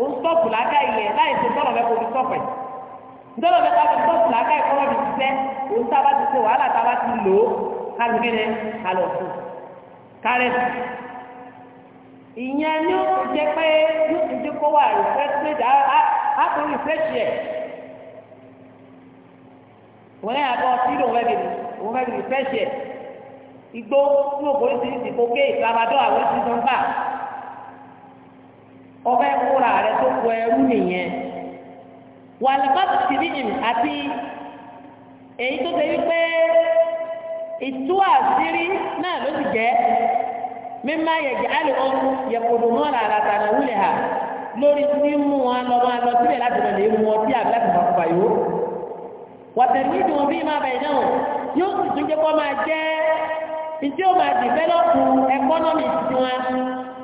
ó ń sọ́ọ̀pù láká ilẹ̀ láì ṣe tọ́lọ̀ bẹ́ẹ̀ kó fi sọ́ọ̀pù ẹ̀ tọ́lọ̀ bẹ́ẹ̀ káfí sọ́ọ̀pù láká ìkọ́lọ̀ mi ṣiṣẹ́ ó ń sábà ti ṣe wàhálà tá a bá ti lò ó kálù kéde kálù ọ̀sùn kárẹ̀ ìyẹn ni ó ti jẹ́ pé yóò ti jẹ́ kó wà rìfẹ́ṣẹ̀ á kó rìfẹ́ṣẹ̀ ẹ̀ wọ́n yà bọ́ sí lòun fẹ́ fi rìfẹ́ṣẹ̀ igbó tí òbóríṣiríṣi ọbẹ̀ kúra rẹ tó kọ ẹrú nìyẹn wàlùbá tìrìhìn àti èyí tó ṣe wípé ìtú àṣírí náà ló ti jẹ́ mímá yẹ̀jẹ̀ àlè ọ̀hún yẹ̀kọ̀dọ̀ mọ́ ara tànà wúlẹ̀ hà lórí mímú wọn lọ máa lọ síbẹ̀ láti lọ lè mú ọtí àbí láti lọ fà yó wàtẹ̀lú ìdùn bí máa bẹ̀rẹ̀ náà yóò sì tún jẹ́ kó máa jẹ́ ìdí ó máa dìbẹ́lọ́pù ẹkọ́nọ́mì tiwọn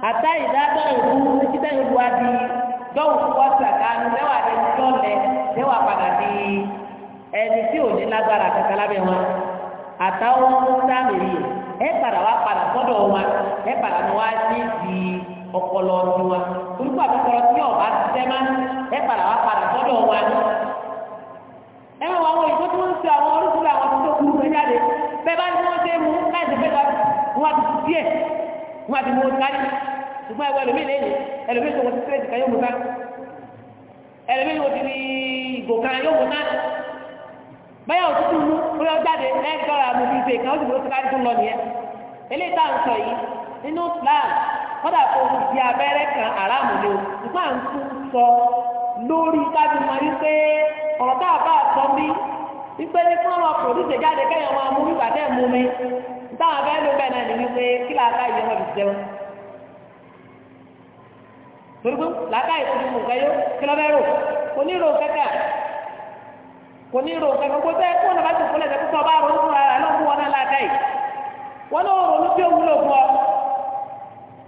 àtá ìdájọ́ ìlú títí ìlú wa di dọ́wù wá sàkánu lẹ́wà rẹ̀ lọ́lẹ̀ lẹ́wà padà di ẹni tí ò ní lágbára kankan lábẹ́ wọn àtàwọn sáàmì yìí ẹ padà wá padà sọ́dọ̀ wọn ẹ padà ní wá sí di ọpọlọ ọdún wa orúkọ àtọkọrọ tí ọba tẹ má ẹ padà wá padà sọ́dọ̀ wọn ẹ máa wọ àwọn ìbò tí wọn ń sọ àwọn oríṣiríṣi àwọn tó tó kúrú jáde bẹ́ẹ̀ bá ní wọn ṣe mú láì ṣe fẹẹ wọn àti díẹ̀ wọn àti mú kárí ṣùgbọ́n ẹwọ ẹlòmíì lẹ́yìn ẹlòmíì tó wọ́n ti tẹ́lẹ̀ kan yóò mú ká ẹlòmíì wọ́n ti ní ìgò kan yóò mú ká báyà òtútù mú ó yọ jáde ẹgbẹ́ra mi fi ṣe kan ó sì mú ká dùn lọ nìyẹn eléyìí tá à ń sọ yìí nínú Islam kọ́dà kó o di abẹ́rẹ́ kan aráàmù ni o ṣùgbọ́n à ń tún sọ lórí kábí mọ wípé ọ̀rọ̀ tá a bá sọ mí wípé ní fún ọmọ pòlùsì jáde kẹ́yìn torípé làákà ìtọ́jú mú nǹkan yó kí lọ́ bẹ́ẹ̀ rò kò ní rò kẹ́kẹ́ kò ní rò kẹ́kẹ́ kò tẹ́ kó nàbà tó kólẹ̀ tẹ́kọ́ ọba rò fún ara ló fún wọn náà làákà yìí wọn náà rò ní òun lò fún ọ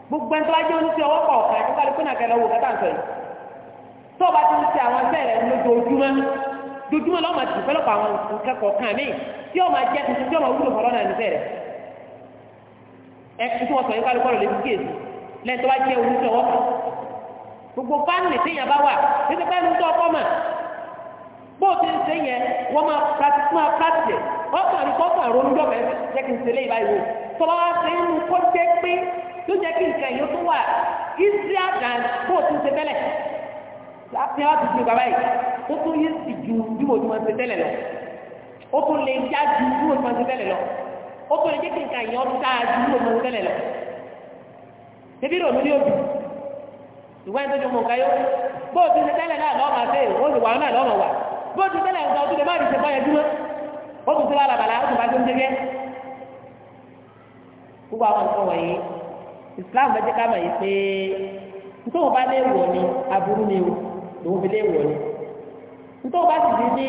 gbogbo ẹni tó bá jẹ́ oníṣẹ́ ọwọ́ kọ̀ọ̀kan nípa lè kónà kẹlẹ́ wò kẹ́kẹ́ àǹtọ̀ yìí tó o bá ti ń ṣe àwọn ẹsẹ̀ rẹ̀ lójoojúmọ́ lójoojúmọ́ lọ́mọ ti fẹ́lọ́pọ̀ àwọn ìkẹ́kọ̀ọ́ kan mí tí ó máa jẹ́ tuntun tí ó máa wúlò fọlọ́nà ẹ̀ṣẹ̀ rẹ̀ ẹ̀ tí wọ́n sọ yín kálukọ́ rẹ̀ lè fi kéèsì lẹ́yìn tó bá jẹ́ oníṣẹ́ ọwọ́ kan gbogbo fámìlì téèyàn bá wà títí pẹ́ẹ́lú tó ọkọ mà bó o ti ń ṣe yẹn wọ́n máa practice máa practice ọkàn àti kọ́kàn ronú dọ́bẹ̀ jẹ́ kí n ṣe léyìí báyìí wò tọ́ba wá sí inú kó jẹ́ pé tó jẹ́ kí nǹkan yìí ó wà israel dan bó o ti ń ṣe tẹ́lẹ̀ láti wá ti ju bàbá yìí ó tún yé sì ju bí mo ti máa ṣe tẹ́lẹ̀ lọ ó tún lè já ju bí mo ìwé ẹni tó ti mú yó bó o tẹ́lẹ̀ náà lọ́ọ́ máa ṣe o ti wà náà lọ́ọ́ wà bó tẹ́lẹ̀ nǹkan o ti lè má rí ṣe báyẹn dúró bá tó ń gbogbo àwọn nǹkan wọ̀nyí Islam jẹ́ ká mọ̀ yìí pé bá lé wọ̀ ni aburú ni o lòun fi lé wọ̀ ni bá sì ní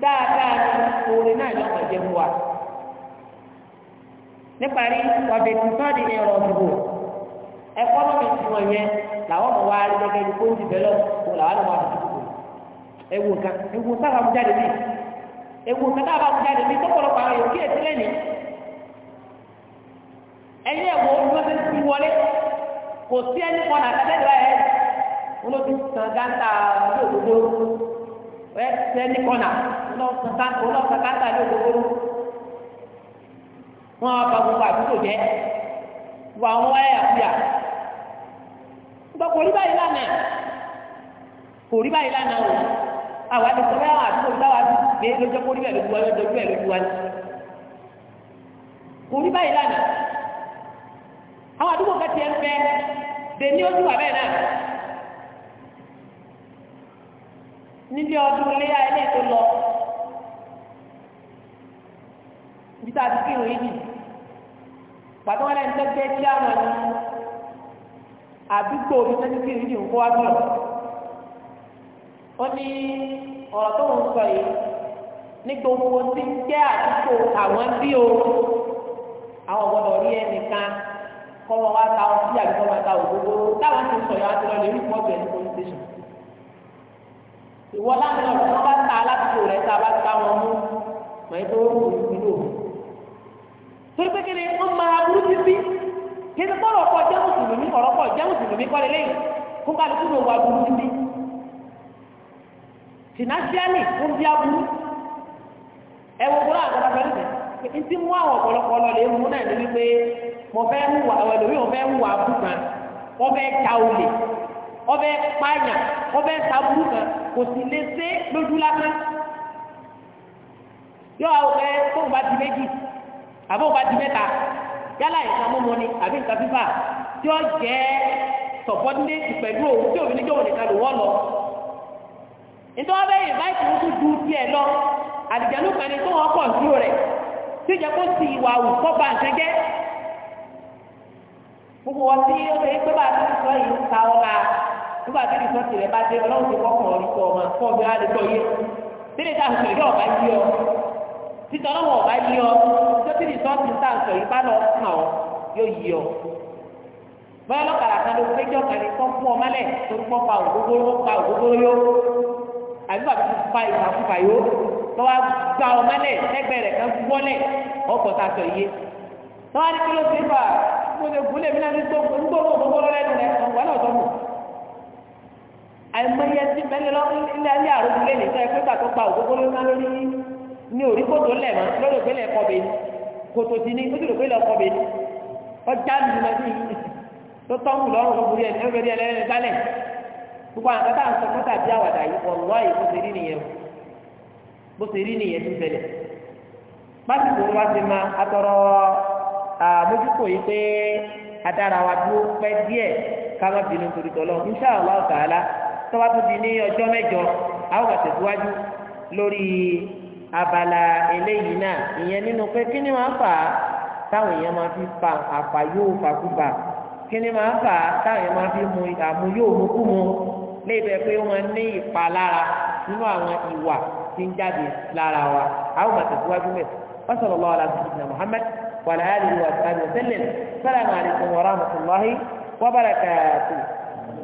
dáadáa orin náà làwọn ọmọ wa rí gẹ́gẹ́ bí kó ń dìbẹ́ wa dùn ewu nǹkan ewu nǹkan bá jáde ewu nǹkan a bá jáde tọpọlọpọ àwọn yòókì ètí ti wọlé kò sí ẹni náà olóòtú sàn ní òdodo ẹ sẹ ẹni kan náà olóòtú sàn gáńtà ní òdodo wọn bá gbogbo àdúgbò gbọ́ kò rí báyìí lánàá kò rí báyìí lánàá o àwa ti sọ báyà àdúgbò táwa ti gbé lójó kó rí bẹ́ẹ̀ lójú wa lójú bẹ́ẹ̀ lójú wa kò rí báyìí lánàá àwọn àdúgbò kan ti ẹ fẹ́ dè ní ojú wa bẹ́ẹ̀ náà níbi ọdún léyà ilé tó lọ níbi tá a ti kírun yìí pàtó wọn lẹ́nu tó gbé tí àwọn ọmọ àdúgbò omi tẹ́tí kiri ní nǹkó wá bíọ̀ ó ní ọ̀rọ̀ tó ń sọ yìí ní gbogbo tí ń jẹ́ àdúgbò àwọn bí o àwọn gbọ́dọ̀ rí ẹnìkan kọ́ wọn wá ta ọtí àbí kọ́ wọn ta ògbógbó táwọn ti sọ yọ àti lọ lè rí pọ́ọ̀bù police station ìwọ láti lọ wọn bá ta aládùúgbò rẹ tá a bá ta wọn mú màá yẹ kó wọn kò ní ìlú torí pé kí ni wọn máa burú títí kìí kọ́rọ̀ ọkọ̀ jẹ́ mùsùlùmí ọ̀rọ̀ ọkọ̀ jẹ́ mùsùlùmí kọ́ lé lẹ́yìn kó kálukú ló wà burú síbi tìǹásíálì ń bí aburú ẹwọ gbọ́dọ̀ àgbàdo abẹ́rẹ́ rẹ̀ ní ti mú àwọn ọ̀pọ̀lọpọ̀ lọ lè mú náà ní wípé mo fẹ́ hùwà ẹlòmíì mo fẹ́ hùwà abú kan wọ́n fẹ́ ta olè wọ́n fẹ́ pààyàn wọ́n fẹ́ ta burú kan kò sì lè sé lójú lásán yóò àwọn ọ̀fẹ́ tó ń bá di méjì àbọ̀ ń bá di mẹ́ta yálà ìkan mímu ni àbí nǹkan fífà tí ó jẹ́ subordinate pẹ̀lú òun tí òun níjọ́ òun nìkan lò wọ́n lọ. nítorí wọ́n bẹ́ẹ̀ invite wọn tó ju tiẹ̀ lọ àdìjẹ́nu kan ni tó wọ́n pọ̀ sí rẹ̀ tí ó jẹ́ kó sì ìwà àwùjọ bá nǹkan jẹ́. gbogbo wọn tí ó ṣe pé bàbá mi sọ yìí ń ta ọ̀la nígbà tí ìsọ tìrẹ bá dé ọlọ́run ti kọ́kàn ọ̀rí sọ ọmọ fún ọbẹ̀ alẹ́ sọ yé tí ìdí tí rìsọ́ọ̀tì ń tàǹsọ̀ yìí bá lọ kàn ọ́ yóò yí ọ. báyọ̀ lọ́kàrà kan ló gbé jọ kàrí kọ́ fún ọ mọ́lẹ̀ pa ògógóró pa ògógóró yó àbí bàbá tó fa ìfàkùfà yó lọ́wọ́ gba ọ lẹ́gbẹ̀ẹ́ rẹ̀ kan gbọ́lẹ̀ ọkọ̀ tàǹsọ̀ yìí. lọ́wọ́ ní kí ló ti fà mo lè gúnlẹ̀ mi náà ní gbogbo ògógóró lẹ́nu rẹ̀ wọ́n ní orí kòtò lẹ̀ mọ́ lórí ògbélẹ̀ kọ́ bẹ́ẹ̀ kòtò ti ní ó sì rò pé lọ́kọ́ mi ọjà nínú náà sí tó tọ́wù lọ́rùn gbogbo yẹn ẹgbẹ́ rí ẹlẹ́rìn dálẹ̀ gbogbo àwọn kátà sọ kọ́tà bí àwàdà yìí ọ̀rọ̀ àyè bó ṣe rí nìyẹn bó ṣe rí nìyẹn ti ṣẹlẹ̀ pásítọ̀ wa ti ma atọrọ àmójúkò yìí pé adára wa dúró pẹ́ díẹ̀ káwọn bínú torí tọ́lọ́ insha Allah ta'ala tọ́wá tó di ní ọjọ́ mẹ́jọ àwọn àtẹ̀síwájú lórí abala eléyìí náà ìyẹn nínú pé kí ni máa fà á táwọn èèyàn máa fi fa àfà yóò fàkúfà kí ni máa fà á táwọn èèyàn máa fi mu àmú yóò mú kú mu léèbẹ̀ pé wọ́n ní ìpalára nínú àwọn ìwà tí ń jáde lára wa àwọn màtẹ̀síwájú mẹ́ sallallahu ala sayyidina Muhammad wa ala alihi wa sahbihi wa sallam salamu alaykum wa rahmatullahi wa barakatuh.